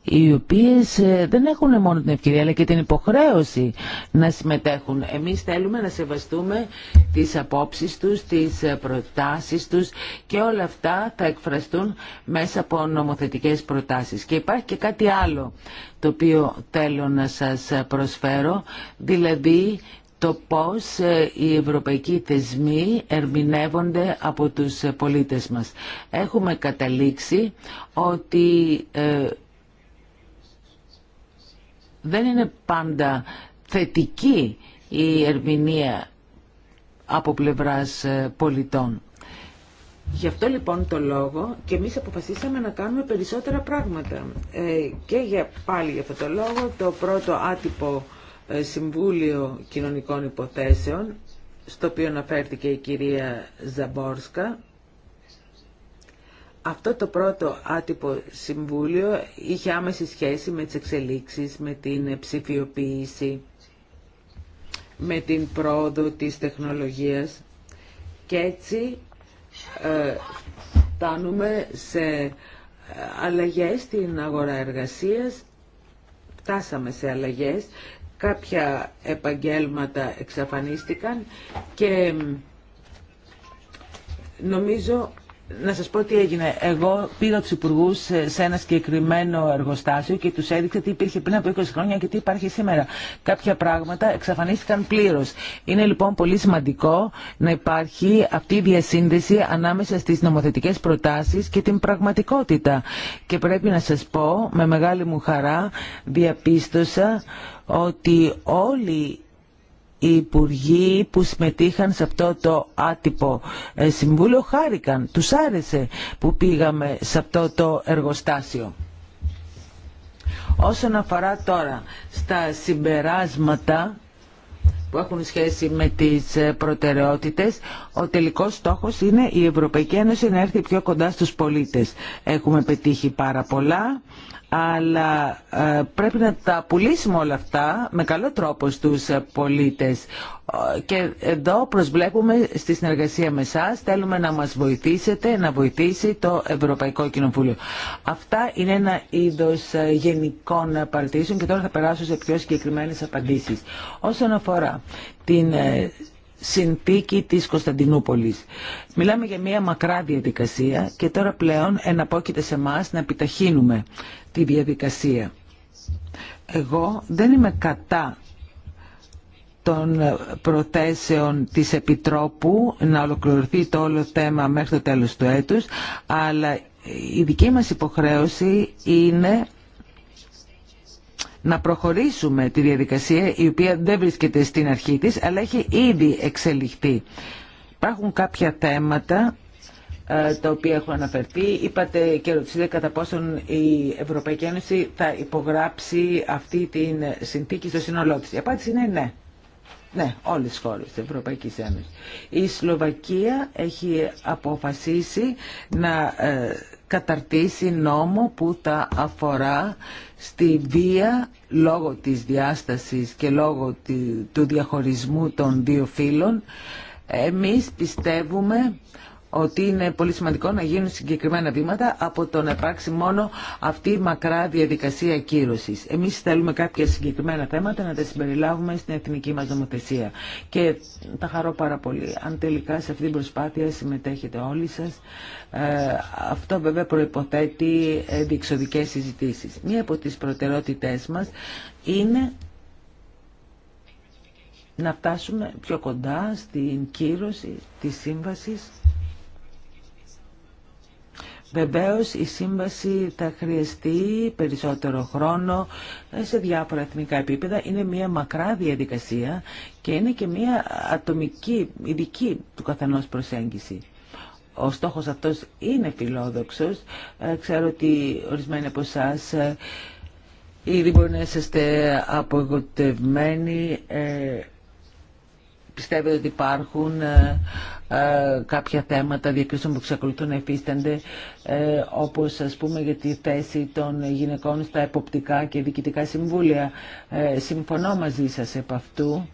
οι οποίες ε, δεν έχουν μόνο την ευκαιρία αλλά και την υποχρέωση να συμμετέχουν. Εμείς θέλουμε να σεβαστούμε τις απόψεις τους, τις ε, προτάσεις τους και όλα αυτά θα εκφραστούν μέσα από νομοθετικές προτάσεις. Και υπάρχει και κάτι άλλο το οποίο θέλω να σας προσφέρω, δηλαδή το πώς ε, οι ευρωπαϊκοί θεσμοί ερμηνεύονται από τους πολίτες μας. Έχουμε καταλήξει ότι δεν είναι πάντα θετική η ερμηνεία από πλευράς ε, πολιτών. Γι' αυτό λοιπόν το λόγο και εμείς αποφασίσαμε να κάνουμε περισσότερα πράγματα. Ε, και για, πάλι για αυτό το λόγο το πρώτο άτυπο ε, Συμβούλιο Κοινωνικών Υποθέσεων στο οποίο αναφέρθηκε η κυρία Ζαμπόρσκα αυτό το πρώτο άτυπο συμβούλιο είχε άμεση σχέση με τις εξελίξεις, με την ψηφιοποίηση, με την πρόοδο της τεχνολογίας και έτσι ε, φτάνουμε σε ε, αλλαγές στην αγορά εργασίας, φτάσαμε σε αλλαγές, κάποια επαγγέλματα εξαφανίστηκαν και νομίζω να σας πω τι έγινε. Εγώ πήγα τους υπουργού σε ένα συγκεκριμένο εργοστάσιο και τους έδειξα τι υπήρχε πριν από 20 χρόνια και τι υπάρχει σήμερα. Κάποια πράγματα εξαφανίστηκαν πλήρως. Είναι λοιπόν πολύ σημαντικό να υπάρχει αυτή η διασύνδεση ανάμεσα στις νομοθετικές προτάσεις και την πραγματικότητα. Και πρέπει να σας πω, με μεγάλη μου χαρά διαπίστωσα ότι όλοι οι υπουργοί που συμμετείχαν σε αυτό το άτυπο ε, συμβούλιο χάρηκαν. Τους άρεσε που πήγαμε σε αυτό το εργοστάσιο. Όσον αφορά τώρα στα συμπεράσματα που έχουν σχέση με τις ε, προτεραιότητες, ο τελικός στόχος είναι η Ευρωπαϊκή Ένωση να έρθει πιο κοντά στους πολίτες. Έχουμε πετύχει πάρα πολλά αλλά ε, πρέπει να τα πουλήσουμε όλα αυτά με καλό τρόπο στους ε, πολίτες. Ε, και εδώ προσβλέπουμε στη συνεργασία με εσά, θέλουμε να μας βοηθήσετε, να βοηθήσει το Ευρωπαϊκό Κοινοβούλιο. Αυτά είναι ένα είδος γενικών παρτίσεων και τώρα θα περάσω σε πιο συγκεκριμένες απαντήσεις. Όσον αφορά την συνθήκη της Κωνσταντινούπολης. Μιλάμε για μια μακρά διαδικασία και τώρα πλέον εναπόκειται σε εμά να επιταχύνουμε τη διαδικασία. Εγώ δεν είμαι κατά των προθέσεων της Επιτρόπου να ολοκληρωθεί το όλο θέμα μέχρι το τέλος του έτους, αλλά η δική μας υποχρέωση είναι να προχωρήσουμε τη διαδικασία η οποία δεν βρίσκεται στην αρχή της αλλά έχει ήδη εξελιχθεί. Υπάρχουν κάποια θέματα ε, τα οποία έχουν αναφερθεί. Είπατε και ρωτήσατε κατά πόσον η Ευρωπαϊκή Ένωση θα υπογράψει αυτή την συνθήκη στο σύνολό της. Η απάντηση είναι ναι. Ναι, όλες τις χώρες της Ευρωπαϊκής Ένωσης. Η Σλοβακία έχει αποφασίσει να ε, καταρτήσει νόμο που θα αφορά στη βία λόγω της διάστασης και λόγω του διαχωρισμού των δύο φύλων. Εμείς πιστεύουμε ότι είναι πολύ σημαντικό να γίνουν συγκεκριμένα βήματα από το να υπάρξει μόνο αυτή η μακρά διαδικασία κύρωσης. Εμείς θέλουμε κάποια συγκεκριμένα θέματα να τα συμπεριλάβουμε στην εθνική μα νομοθεσία. Και τα χαρώ πάρα πολύ. Αν τελικά σε αυτή την προσπάθεια συμμετέχετε όλοι σας, ε, αυτό βέβαια προποθέτει ε, διεξοδικέ συζητήσει. Μία από τι προτεραιότητές μα είναι να φτάσουμε πιο κοντά στην κύρωση τη σύμβαση. Βεβαίως η σύμβαση θα χρειαστεί περισσότερο χρόνο σε διάφορα εθνικά επίπεδα. Είναι μια μακρά διαδικασία και είναι και μια ατομική, ειδική του καθενός προσέγγιση. Ο στόχος αυτός είναι φιλόδοξος. Ε, ξέρω ότι ορισμένοι από εσά ε, ήδη μπορεί να είσαστε απογοτευμένοι ε, πιστεύετε ότι υπάρχουν ε, ε, κάποια θέματα διακρίσεων που εξακολουθούν να υφίστανται ε, όπως ας πούμε για τη θέση των γυναικών στα εποπτικά και διοικητικά συμβούλια. Συμφωνώ μαζί σας επ' αυτού.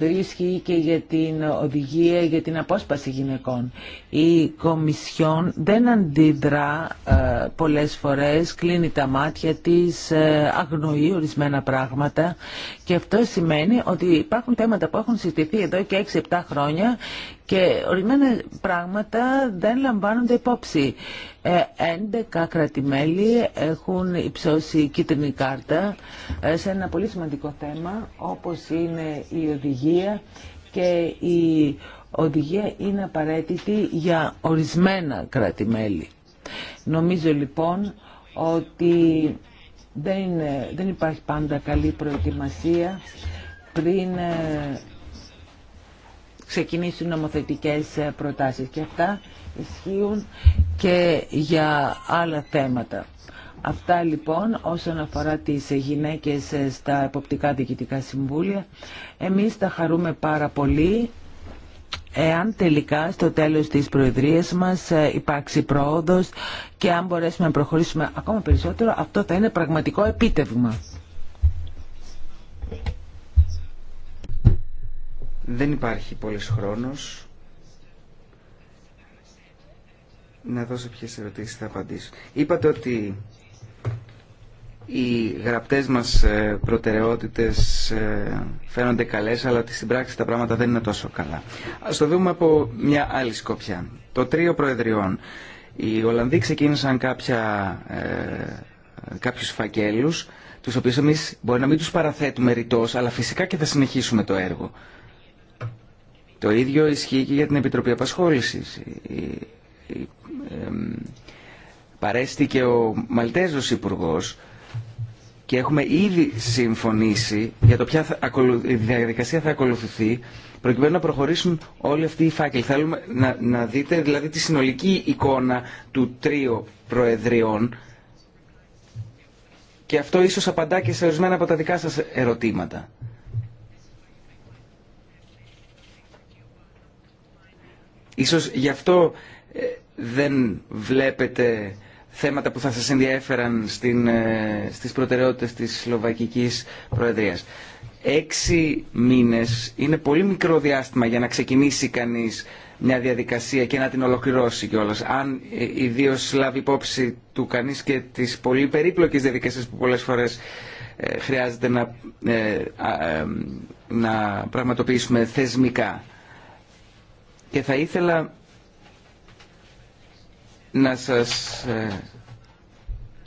Το ίδιο ισχύει και για την οδηγία για την απόσπαση γυναικών. Η Κομισιόν δεν αντιδρά ε, πολλές φορές, κλείνει τα μάτια της, ε, αγνοεί ορισμένα πράγματα και αυτό σημαίνει ότι υπάρχουν θέματα που έχουν συζητηθεί εδώ και 6-7 χρόνια και ορισμένα πράγματα δεν λαμβάνονται υπόψη. 11 ε, κρατημέλη έχουν υψώσει κίτρινη κάρτα ε, σε ένα πολύ σημαντικό θέμα όπως είναι η οδηγία και η οδηγία είναι απαραίτητη για ορισμένα κρατημέλη. Νομίζω λοιπόν ότι δεν, δεν υπάρχει πάντα καλή προετοιμασία πριν ε, ξεκινήσουν νομοθετικές ε, προτάσεις και αυτά ισχύουν και για άλλα θέματα. Αυτά λοιπόν όσον αφορά τις γυναίκες ε, στα εποπτικά διοικητικά συμβούλια. Εμείς τα χαρούμε πάρα πολύ εάν τελικά στο τέλος της προεδρίας μας ε, υπάρξει πρόοδος και αν μπορέσουμε να προχωρήσουμε ακόμα περισσότερο αυτό θα είναι πραγματικό επίτευγμα.
Δεν υπάρχει πολλής χρόνος. Να δώσω ποιες ερωτήσεις θα απαντήσω. Είπατε ότι οι γραπτές μας ε, προτεραιότητες ε, φαίνονται καλές, αλλά ότι στην πράξη τα πράγματα δεν είναι τόσο καλά. Ας το δούμε από μια άλλη σκοπιά. Το τρίο προεδριών. Οι Ολλανδοί ξεκίνησαν κάποια, ε, κάποιους φακέλους, τους οποίους εμείς μπορεί να μην τους παραθέτουμε ρητός, αλλά φυσικά και θα συνεχίσουμε το έργο. Το ίδιο ισχύει και για την Επιτροπή Απασχόλησης. Παρέστηκε ο Μαλτέζος Υπουργός και έχουμε ήδη συμφωνήσει για το ποια διαδικασία θα ακολουθηθεί προκειμένου να προχωρήσουν όλοι αυτοί οι φάκελοι. Θέλουμε να, δείτε δηλαδή τη συνολική εικόνα του τρίου προεδριών και αυτό ίσως απαντά και σε ορισμένα από τα δικά σας ερωτήματα. Ίσως γι' αυτό ε, δεν βλέπετε θέματα που θα σας ενδιαφέραν στην, ε, στις προτεραιότητες της Σλοβακικής Προεδρίας. Έξι μήνες είναι πολύ μικρό διάστημα για να ξεκινήσει κανείς μια διαδικασία και να την ολοκληρώσει κιόλα. Αν ε, ιδίω λάβει υπόψη του κανεί και τι πολύ περίπλοκε διαδικασίε που πολλέ φορέ χρειάζεται να, να πραγματοποιήσουμε θεσμικά. Και θα ήθελα να σας ε,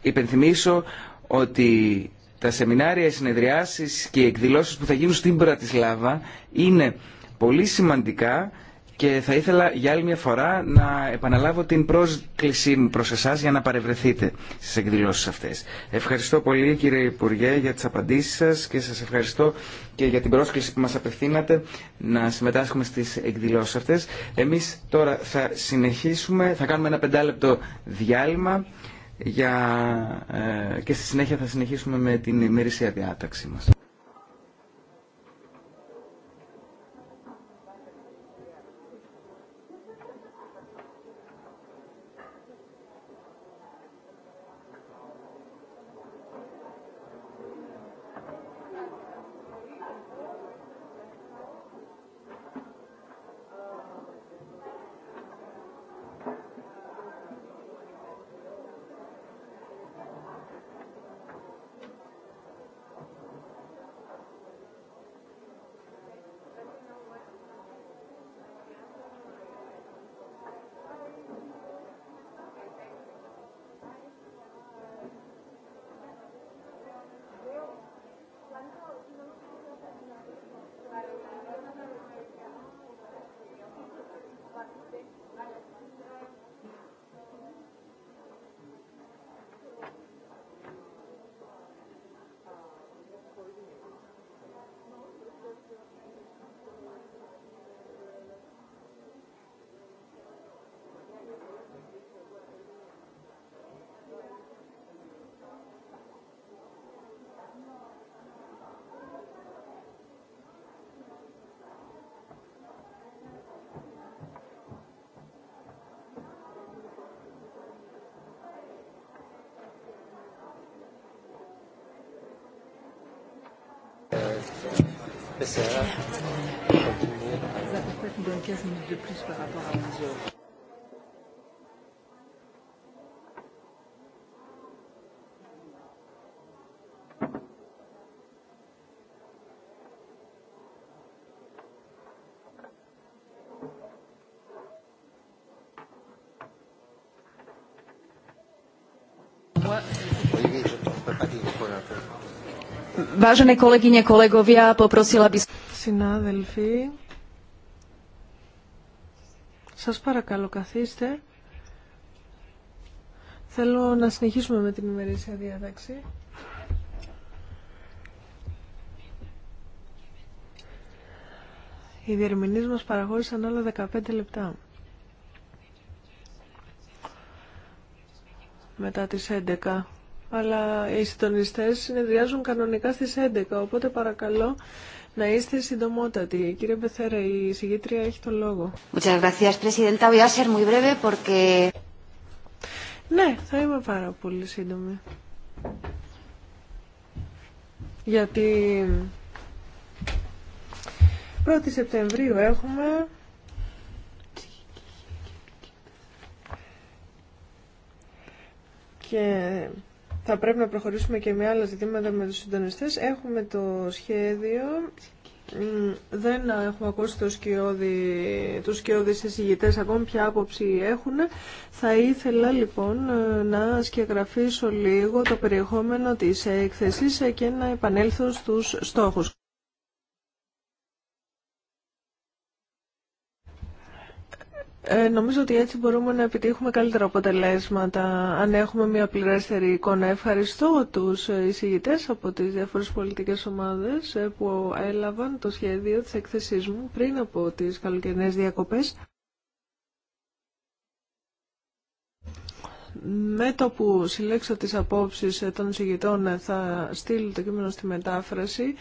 υπενθυμίσω ότι τα σεμινάρια, οι συνεδριάσεις και οι εκδηλώσεις που θα γίνουν στην Πρατισλάβα είναι πολύ σημαντικά και θα ήθελα για άλλη μια φορά να επαναλάβω την πρόσκλησή μου προς εσάς για να παρευρεθείτε στις εκδηλώσεις αυτές. Ευχαριστώ πολύ κύριε Υπουργέ για τις απαντήσεις σας και σας ευχαριστώ και για την πρόσκληση που μας απευθύνατε να συμμετάσχουμε στις εκδηλώσεις αυτές. Εμείς τώρα θα συνεχίσουμε, θα κάνουμε ένα πεντάλεπτο διάλειμμα για, ε, και στη συνέχεια θα συνεχίσουμε με την ημερησία διάταξη μας.
spécial.
Vážené kolegyne, kolegovia, poprosila by Συνάδελφοι, σας παρακαλώ καθίστε. Θέλω να συνεχίσουμε με την ημερήσια διάταξη. Οι διερμηνείς μας παραχώρησαν άλλα 15 λεπτά. Μετά τις 11 αλλά οι συντονιστές συνεδριάζουν κανονικά στις 11, οπότε παρακαλώ να είστε συντομότατοι. Κύριε Μπεθέρα, η συγγήτρια έχει το λόγο. Ναι, θα είμαι πάρα πολύ σύντομη. Γιατί 1η Σεπτεμβρίου έχουμε και θα πρέπει να προχωρήσουμε και με άλλα ζητήματα με τους συντονιστές. Έχουμε το σχέδιο, δεν έχουμε ακούσει το σκιώδη, τους σκιώδης εισηγητές ακόμη ποια άποψη έχουν. Θα ήθελα λοιπόν να σκεγγραφίσω λίγο το περιεχόμενο της έκθεσης και να επανέλθω στους στόχους. Ε, νομίζω ότι έτσι μπορούμε να επιτύχουμε καλύτερα αποτελέσματα αν έχουμε μια πληρέστερη εικόνα. Ευχαριστώ τους εισηγητές από τις διάφορες πολιτικές ομάδες ε, που έλαβαν το σχέδιο της έκθεσής μου πριν από τις καλοκαιρινές διακοπές. Με το που συλλέξω τις απόψεις ε, των εισηγητών ε, θα στείλω το κείμενο στη μετάφραση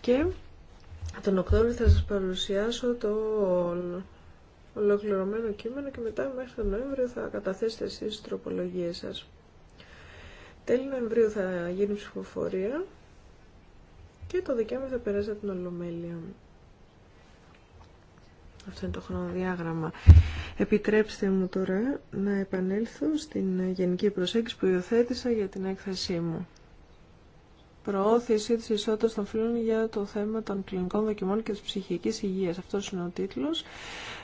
και τον Οκτώβριο θα σας παρουσιάσω το ολοκληρωμένο κείμενο και μετά μέχρι τον Νοέμβριο θα καταθέσετε εσείς τις τροπολογίες σας. Τέλη Νοεμβρίου θα γίνει ψηφοφορία και το Δεκέμβριο θα περάσει την Ολομέλεια. Αυτό είναι το χρονοδιάγραμμα. Επιτρέψτε μου τώρα να επανέλθω στην γενική προσέγγιση που υιοθέτησα για την έκθεσή μου προώθηση τη ισότητα των Φίλων για το θέμα των κλινικών δοκιμών και της ψυχικής υγείας. Αυτός είναι ο τίτλος.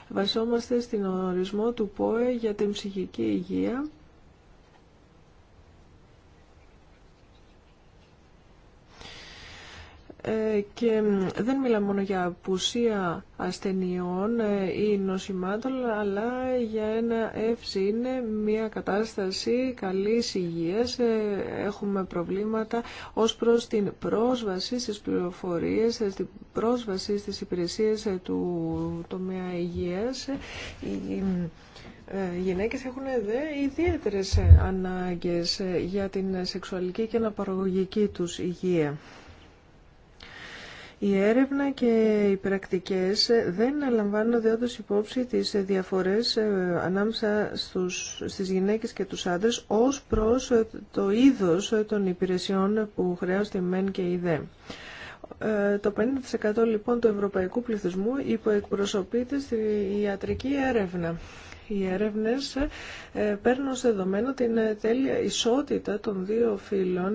Βασόμαστε στην ορισμό του ΠΟΕ για την ψυχική υγεία Ε, και δεν μιλάμε μόνο για απουσία ασθενειών ε, ή νοσημάτων, αλλά για ένα εύση είναι μια κατάσταση καλής υγείας. Ε, έχουμε προβλήματα ως προς την πρόσβαση στις πληροφορίες, στην πρόσβαση στις υπηρεσίες του τομέα υγείας. Οι γυναίκες έχουν δε ιδιαίτερες ανάγκες για την σεξουαλική και αναπαραγωγική τους υγεία. Η έρευνα και οι πρακτικές δεν λαμβάνουν όντως υπόψη τις διαφορές ε, ανάμεσα στους, στις γυναίκες και τους άντρες ως προς ε, το είδος ε, των υπηρεσιών που χρειάζονται μεν και η δε. Το 50% λοιπόν του ευρωπαϊκού πληθυσμού υποεκπροσωπείται στη ιατρική έρευνα. Οι έρευνες παίρνουν σε δεδομένο την τέλεια ισότητα των δύο φύλων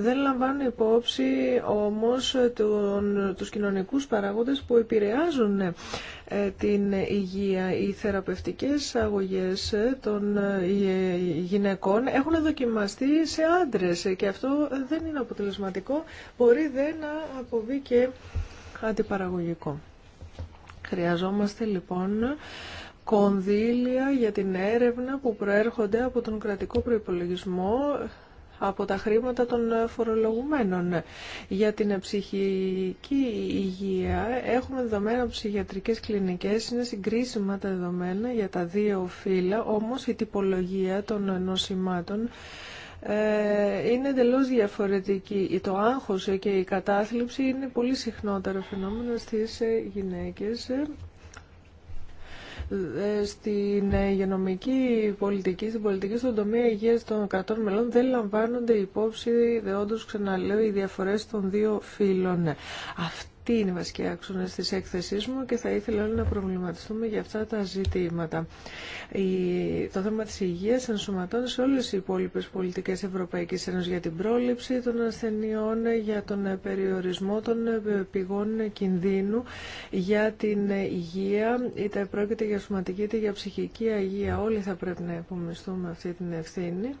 δεν λαμβάνουν υπόψη όμως τον, τους κοινωνικούς παράγοντες που επηρεάζουν ε, την υγεία. Οι θεραπευτικές αγωγές ε, των ε, γυναικών έχουν δοκιμαστεί σε άντρες και αυτό δεν είναι αποτελεσματικό, μπορεί δεν να αποβεί και αντιπαραγωγικό. Χρειαζόμαστε λοιπόν κονδύλια για την έρευνα που προέρχονται από τον κρατικό προϋπολογισμό από τα χρήματα των φορολογουμένων. Για την ψυχική υγεία έχουμε δεδομένα από ψυχιατρικές κλινικές, είναι συγκρίσιμα τα δεδομένα για τα δύο φύλλα, όμως η τυπολογία των νοσημάτων ε, είναι εντελώ διαφορετική. Το άγχος και η κατάθλιψη είναι πολύ συχνότερο φαινόμενο στις γυναίκες ε, στην υγειονομική πολιτική, στην πολιτική στον τομέα Υγεία των κρατών μελών δεν λαμβάνονται υπόψη, όντως ξαναλέω, οι διαφορές των δύο φύλων. Τι είναι οι βασικοί άξονες της έκθεσής μου και θα ήθελα όλοι να προβληματιστούμε για αυτά τα ζητήματα. Το θέμα τη υγεία ενσωματώνει σε όλες οι υπόλοιπε πολιτικές Ευρωπαϊκή Ένωση, για την πρόληψη των ασθενειών, για τον περιορισμό των πηγών κινδύνου, για την υγεία, είτε πρόκειται για σωματική είτε για ψυχική υγεία. Όλοι θα πρέπει να υπομισθούμε αυτή την ευθύνη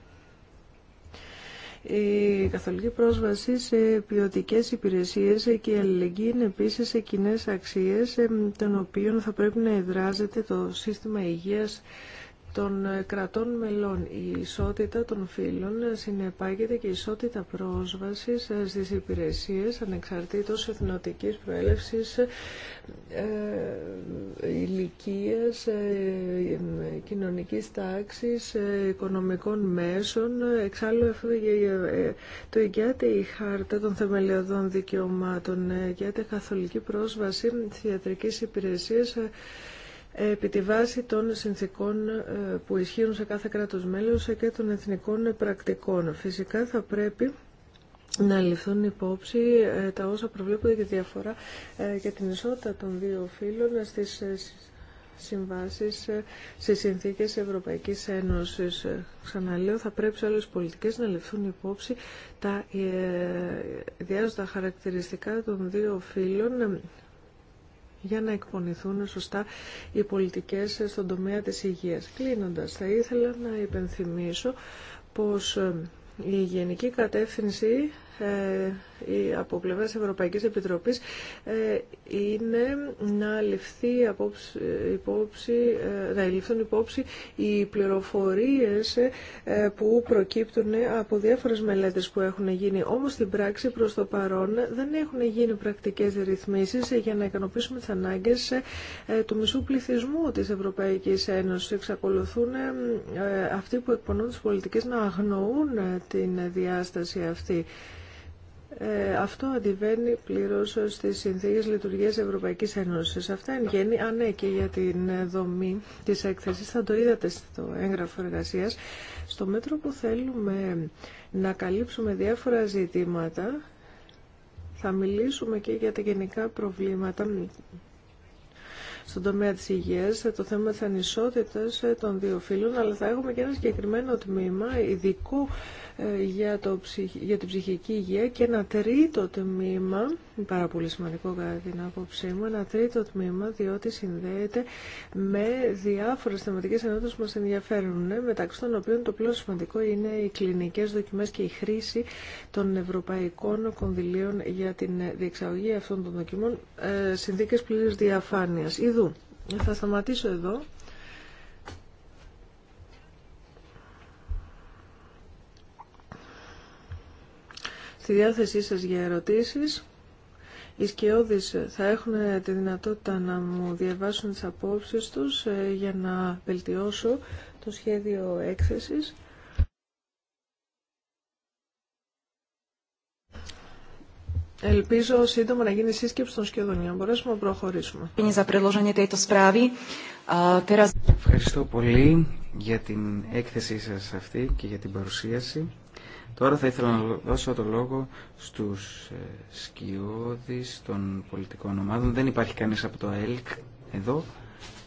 η καθολική πρόσβαση σε ποιοτικέ υπηρεσίες και η αλληλεγγύη είναι επίσης σε κοινέ αξίες ε, των οποίων θα πρέπει να εδράζεται το σύστημα υγείας των κρατών μελών. Η ισότητα των φύλων συνεπάγεται και η ισότητα πρόσβασης στις υπηρεσίες ανεξαρτήτως εθνοτικής προέλευσης, ε, ηλικίας, ε, κοινωνικής τάξης, ε, οικονομικών μέσων. Εξάλλου το εγγυάται η χάρτα των θεμελιωδών δικαιωμάτων, εγγυάται καθολική πρόσβαση στις ιατρικές επί τη βάση των συνθήκων ε, που ισχύουν σε κάθε κράτος μέλος και των εθνικών πρακτικών. Φυσικά θα πρέπει να ληφθούν υπόψη ε, τα όσα προβλέπονται ε, και διαφορά για την ισότητα των δύο φύλων στις συμβάσεις σε συνθήκες Ευρωπαϊκής Ένωσης. Ξαναλέω, θα πρέπει σε τις πολιτικές να ληφθούν υπόψη τα ιδιάζοντα χαρακτηριστικά των δύο φύλων για να εκπονηθούν σωστά οι πολιτικές στον τομέα της υγείας. Κλείνοντας, θα ήθελα να υπενθυμίσω πως ε, η Γενική Κατεύθυνση ε, από πλευρά της Ευρωπαϊκής Επιτροπής ε, είναι να ληφθεί απόψη, ε, υπόψη, να ληφθούν υπόψη οι πληροφορίες που προκύπτουν από διάφορες μελέτες που έχουν γίνει. Όμως στην πράξη προς το παρόν δεν έχουν γίνει πρακτικές ρυθμίσεις για να ικανοποιήσουμε τις ανάγκες του μισού πληθυσμού της Ευρωπαϊκής Ένωσης. Εξακολουθούν αυτοί που εκπονούν τις πολιτικές να αγνοούν την διάσταση αυτή. Ε, αυτό αντιβαίνει πλήρω στι συνθήκε λειτουργία Ευρωπαϊκή Ένωση. Αυτά εν γέννη, ανέκει και για την δομή τη έκθεση, θα το είδατε στο έγγραφο εργασία. Στο μέτρο που θέλουμε να καλύψουμε διάφορα ζητήματα, θα μιλήσουμε και για τα γενικά προβλήματα στον τομέα της υγείας το θέμα της ανισότητας των δύο φύλων, αλλά θα έχουμε και ένα συγκεκριμένο τμήμα ειδικού ε, για, το, για την ψυχική υγεία και ένα τρίτο τμήμα είναι πάρα πολύ σημαντικό κατά την άποψή μου. Ένα τρίτο τμήμα, διότι συνδέεται με διάφορε θεματικέ ενότητες που μας ενδιαφέρουν, ναι, μεταξύ των οποίων το πιο σημαντικό είναι οι κλινικές δοκιμές και η χρήση των ευρωπαϊκών κονδυλίων για την διεξαγωγή αυτών των δοκιμών, ε, συνθήκες πλήρης διαφάνειας. Ιδού, θα σταματήσω εδώ. στη διάθεσή σας για ερωτήσεις οι σκιώδεις θα έχουν τη δυνατότητα να μου διαβάσουν τις απόψεις τους ε, για να βελτιώσω το σχέδιο έκθεσης. Ελπίζω σύντομα να γίνει σύσκεψη των σκιωδών για να μπορέσουμε να προχωρήσουμε.
Ευχαριστώ πολύ για την έκθεσή σας αυτή και για την παρουσίαση. Τώρα θα ήθελα να δώσω το λόγο στους ε, σκιώδεις των πολιτικών ομάδων. Δεν υπάρχει κανείς από το ΕΛΚ εδώ,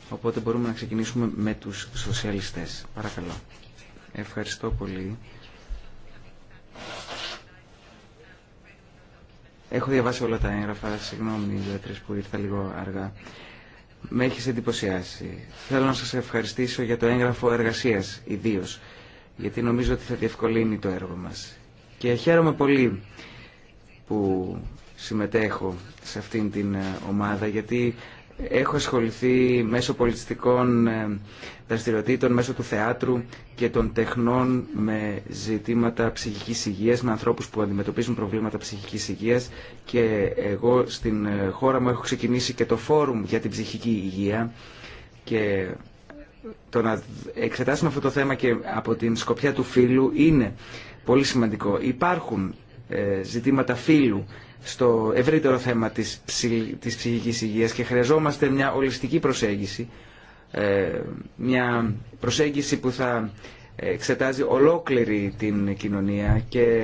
οπότε μπορούμε να ξεκινήσουμε με τους σοσιαλιστές. Παρακαλώ. Ευχαριστώ πολύ. Έχω διαβάσει όλα τα έγγραφα, συγγνώμη διατρες που ήρθα λίγο αργά. Με έχεις εντυπωσιάσει. Θέλω να σας ευχαριστήσω για το έγγραφο εργασίας, ιδίως γιατί νομίζω ότι θα διευκολύνει το έργο μας. Και χαίρομαι πολύ που συμμετέχω σε αυτήν την ε, ομάδα, γιατί έχω ασχοληθεί μέσω πολιτιστικών ε, δραστηριοτήτων, μέσω του θεάτρου και των τεχνών με ζητήματα ψυχικής υγείας, με ανθρώπους που αντιμετωπίζουν προβλήματα ψυχικής υγείας και εγώ στην ε, χώρα μου έχω ξεκινήσει και το φόρουμ για την ψυχική υγεία και το να εξετάσουμε αυτό το θέμα και από την σκοπιά του φίλου είναι πολύ σημαντικό. Υπάρχουν ε, ζητήματα φίλου στο ευρύτερο θέμα της, της ψυχικής υγείας και χρειαζόμαστε μια ολιστική προσέγγιση, ε, μια προσέγγιση που θα εξετάζει ολόκληρη την κοινωνία και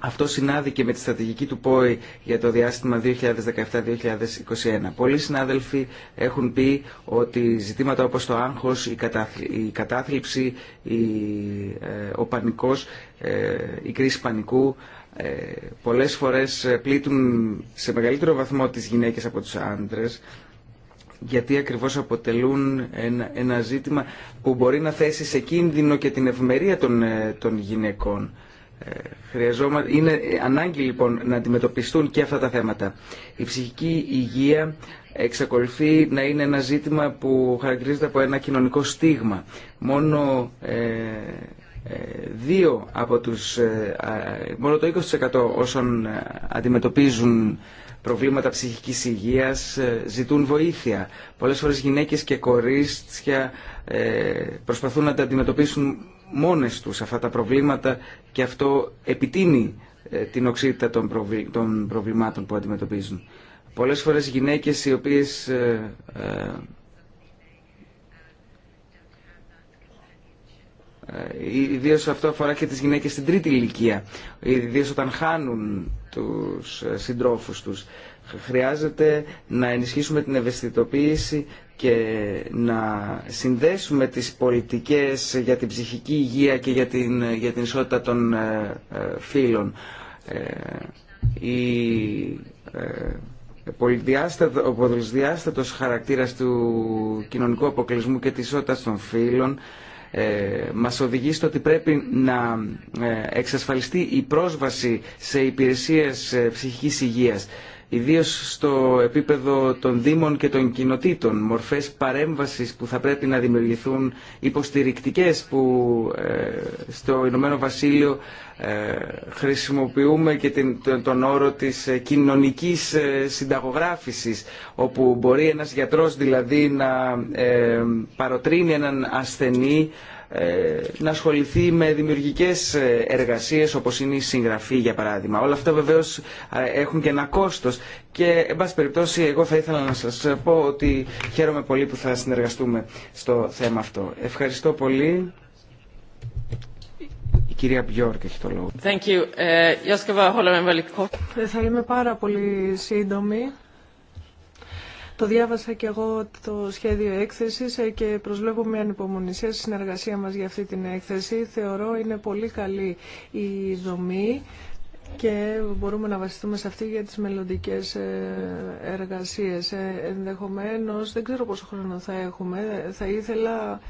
αυτό συνάδει και με τη στρατηγική του ΠΟΗ για το διάστημα 2017-2021. Πολλοί συνάδελφοι έχουν πει ότι ζητήματα όπως το άγχος, η κατάθλιψη, ε, ο πανικός, ε, η κρίση πανικού ε, πολλές φορές πλήττουν σε μεγαλύτερο βαθμό τις γυναίκες από τους άντρες γιατί ακριβώς αποτελούν ένα, ένα ζήτημα που μπορεί να θέσει σε κίνδυνο και την ευμερία των γυναικών. Ε, είναι ανάγκη λοιπόν να αντιμετωπιστούν και αυτά τα θέματα. Η ψυχική υγεία εξακολουθεί να είναι ένα ζήτημα που χαρακτηρίζεται από ένα κοινωνικό στίγμα. Μόνο ε, ε, δύο από τους, μόνο το 20% όσων αντιμετωπίζουν προβλήματα ψυχικής υγείας ζητούν βοήθεια. Πολλές φορές γυναίκες και κορίτσια προσπαθούν να τα αντιμετωπίσουν μόνες τους αυτά τα προβλήματα και αυτό επιτείνει ε, την οξύτητα των προβλημάτων που αντιμετωπίζουν. Πολλές φορές γυναίκες οι οποίες ε, ε, Ιδίω αυτό αφορά και τις γυναίκες στην τρίτη ηλικία, ιδίω όταν χάνουν τους συντρόφους τους. Χρειάζεται να ενισχύσουμε την ευαισθητοποίηση και να συνδέσουμε τις πολιτικές για την ψυχική υγεία και για την, για την ισότητα των ε, ε φύλων. Ε, η, ε, ο πολυδιάστατος χαρακτήρας του κοινωνικού αποκλεισμού και της ισότητας των φίλων ε, μας οδηγεί στο ότι πρέπει να εξασφαλιστεί η πρόσβαση σε υπηρεσίες ψυχικής υγείας ιδίως στο επίπεδο των δήμων και των κοινοτήτων, μορφές παρέμβασης που θα πρέπει να δημιουργηθούν, υποστηρικτικές που ε, στο Ηνωμένο Βασίλειο ε, χρησιμοποιούμε και τον όρο της ε, κοινωνικής συνταγογράφησης, όπου μπορεί ένας γιατρός δηλαδή να παροτρύνει έναν ασθενή ε, να ασχοληθεί με δημιουργικές ε, εργασίες όπως είναι η συγγραφή για παράδειγμα. Όλα αυτά βεβαίως ε, έχουν και ένα κόστος και εν πάση περιπτώσει εγώ θα ήθελα να σας πω ότι χαίρομαι πολύ που θα συνεργαστούμε στο θέμα αυτό. Ευχαριστώ πολύ. Η κυρία Μπιόρκ έχει το λόγο.
Thank you.
Θα είμαι πάρα πολύ σύντομη. Το διάβασα και εγώ το σχέδιο έκθεσης ε, και προσβλέπω μια ανυπομονησία στη συνεργασία μας για αυτή την έκθεση. Θεωρώ είναι πολύ καλή η δομή και μπορούμε να βασιστούμε σε αυτή για τις μελλοντικέ ε, εργασίες. Ε, ενδεχομένως, δεν ξέρω πόσο χρόνο θα έχουμε, θα ήθελα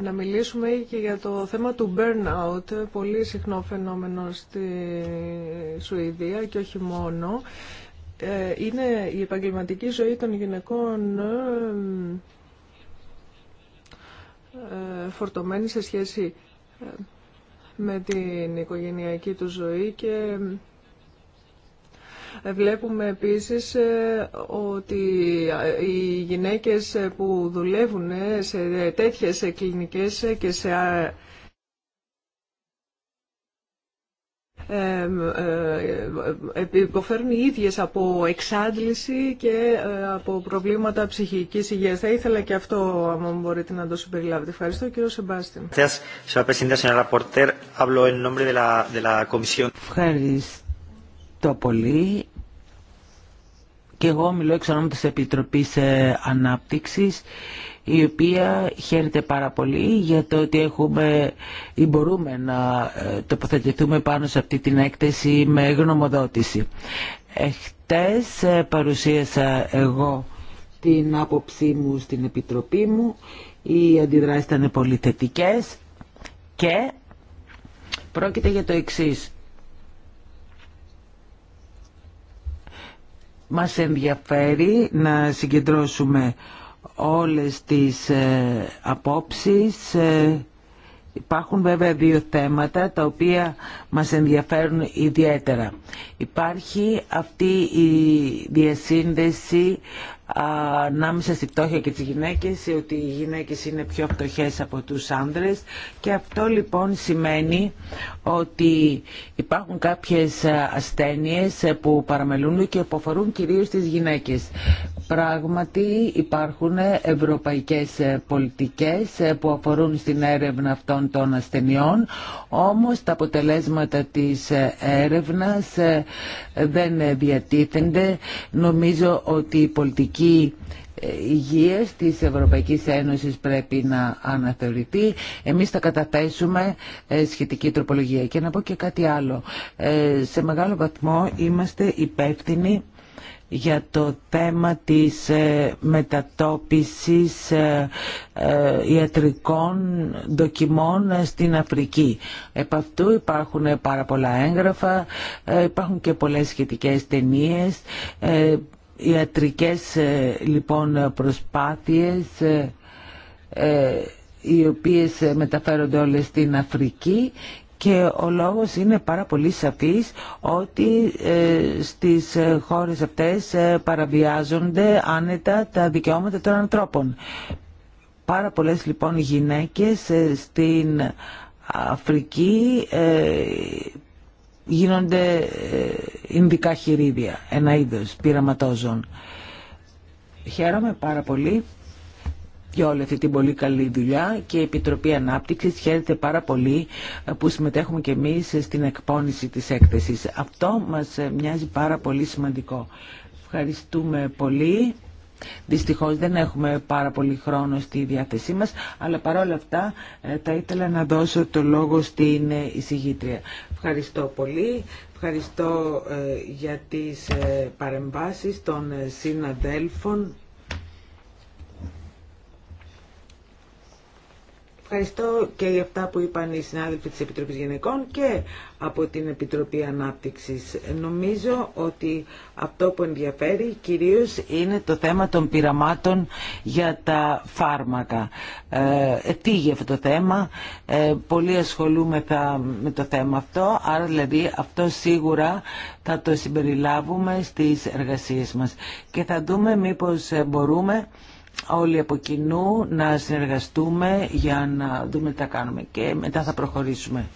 να μιλήσουμε και για το θέμα του burnout, πολύ συχνό φαινόμενο στη Σουηδία και όχι μόνο. Ε, είναι η επαγγελματική ζωή των γυναικών ε, ε, φορτωμένη σε σχέση με την οικογενειακή του ζωή και Βλέπουμε επίσης ότι οι γυναίκες που δουλεύουν σε τέτοιες κλινικές και σε Ε, ε, υποφέρουν οι ίδιες από εξάντληση και ε, από προβλήματα ψυχικής υγείας. Θα ήθελα και αυτό, αν μπορείτε να το συμπεριλάβετε. Ευχαριστώ, κύριο Σεμπάστιν.
Ευχαριστώ πολύ.
Και εγώ μιλώ εξ ονόματος της Επιτροπής Ανάπτυξης η οποία χαίρεται πάρα πολύ για το ότι έχουμε ή μπορούμε να ε, τοποθετηθούμε πάνω σε αυτή την έκθεση με γνωμοδότηση. Εχθές ε, παρουσίασα εγώ την άποψή μου στην Επιτροπή μου. Οι αντιδράσεις ήταν πολύ θετικές και πρόκειται για το εξής. Μας ενδιαφέρει να συγκεντρώσουμε όλες τις ε, απόψεις. Ε, υπάρχουν βέβαια δύο θέματα τα οποία μας ενδιαφέρουν ιδιαίτερα. Υπάρχει αυτή η διασύνδεση ανάμεσα στη φτώχεια και τις γυναίκες, ότι οι γυναίκες είναι πιο φτωχές από τους άνδρες και αυτό λοιπόν σημαίνει ότι υπάρχουν κάποιες ασθένειες που παραμελούν και που αφορούν κυρίως τις γυναίκες. Πράγματι υπάρχουν ευρωπαϊκές πολιτικές που αφορούν στην έρευνα αυτών των ασθενειών, όμως τα αποτελέσματα της έρευνας δεν διατίθενται. Νομίζω ότι η πολιτική πολιτική ε, υγείας της Ευρωπαϊκής Ένωσης πρέπει να αναθεωρηθεί. Εμείς θα καταθέσουμε ε, σχετική τροπολογία. Και να πω και κάτι άλλο. Ε, σε μεγάλο βαθμό είμαστε υπεύθυνοι για το θέμα της μετατόπισης ιατρικών δοκιμών στην Αφρική. Επ' αυτού υπάρχουν πάρα πολλά έγγραφα, υπάρχουν και πολλές σχετικές ταινίες ιατρικές ε, λοιπόν προσπάθειες ε, ε, οι οποίες μεταφέρονται όλες στην Αφρική και ο λόγος είναι πάρα πολύ σαφής ότι στις χώρες αυτές παραβιάζονται άνετα τα δικαιώματα των ανθρώπων. Πάρα πολλές λοιπόν γυναίκες στην Αφρική γίνονται ε, ινδικά χειρίδια, ένα είδος πειραματόζων. Χαίρομαι πάρα πολύ για όλη αυτή την πολύ καλή δουλειά και η Επιτροπή Ανάπτυξης χαίρεται πάρα πολύ ε, που συμμετέχουμε και εμείς στην εκπόνηση της έκθεσης. Αυτό μας ε, μοιάζει πάρα πολύ σημαντικό. Ευχαριστούμε πολύ. Δυστυχώς δεν έχουμε πάρα πολύ χρόνο στη διάθεσή μας, αλλά παρόλα αυτά ε, θα ήθελα να δώσω το λόγο στην ε, εισηγήτρια. Ευχαριστώ πολύ. Ευχαριστώ ε, για τις παρεμβάσεις των συναδέλφων. Ευχαριστώ και για αυτά που είπαν οι συνάδελφοι της Επιτροπής Γενικών και από την Επιτροπή Ανάπτυξης. Νομίζω ότι αυτό που ενδιαφέρει κυρίως είναι το θέμα των πειραμάτων για τα φάρμακα. Ε, ε για αυτό το θέμα. Ε, πολύ ασχολούμεθα με το θέμα αυτό, άρα δηλαδή αυτό σίγουρα θα το συμπεριλάβουμε στις εργασίες μας. Και θα δούμε μήπως ε, μπορούμε όλοι από κοινού να συνεργαστούμε για να δούμε τι θα κάνουμε και μετά θα προχωρήσουμε.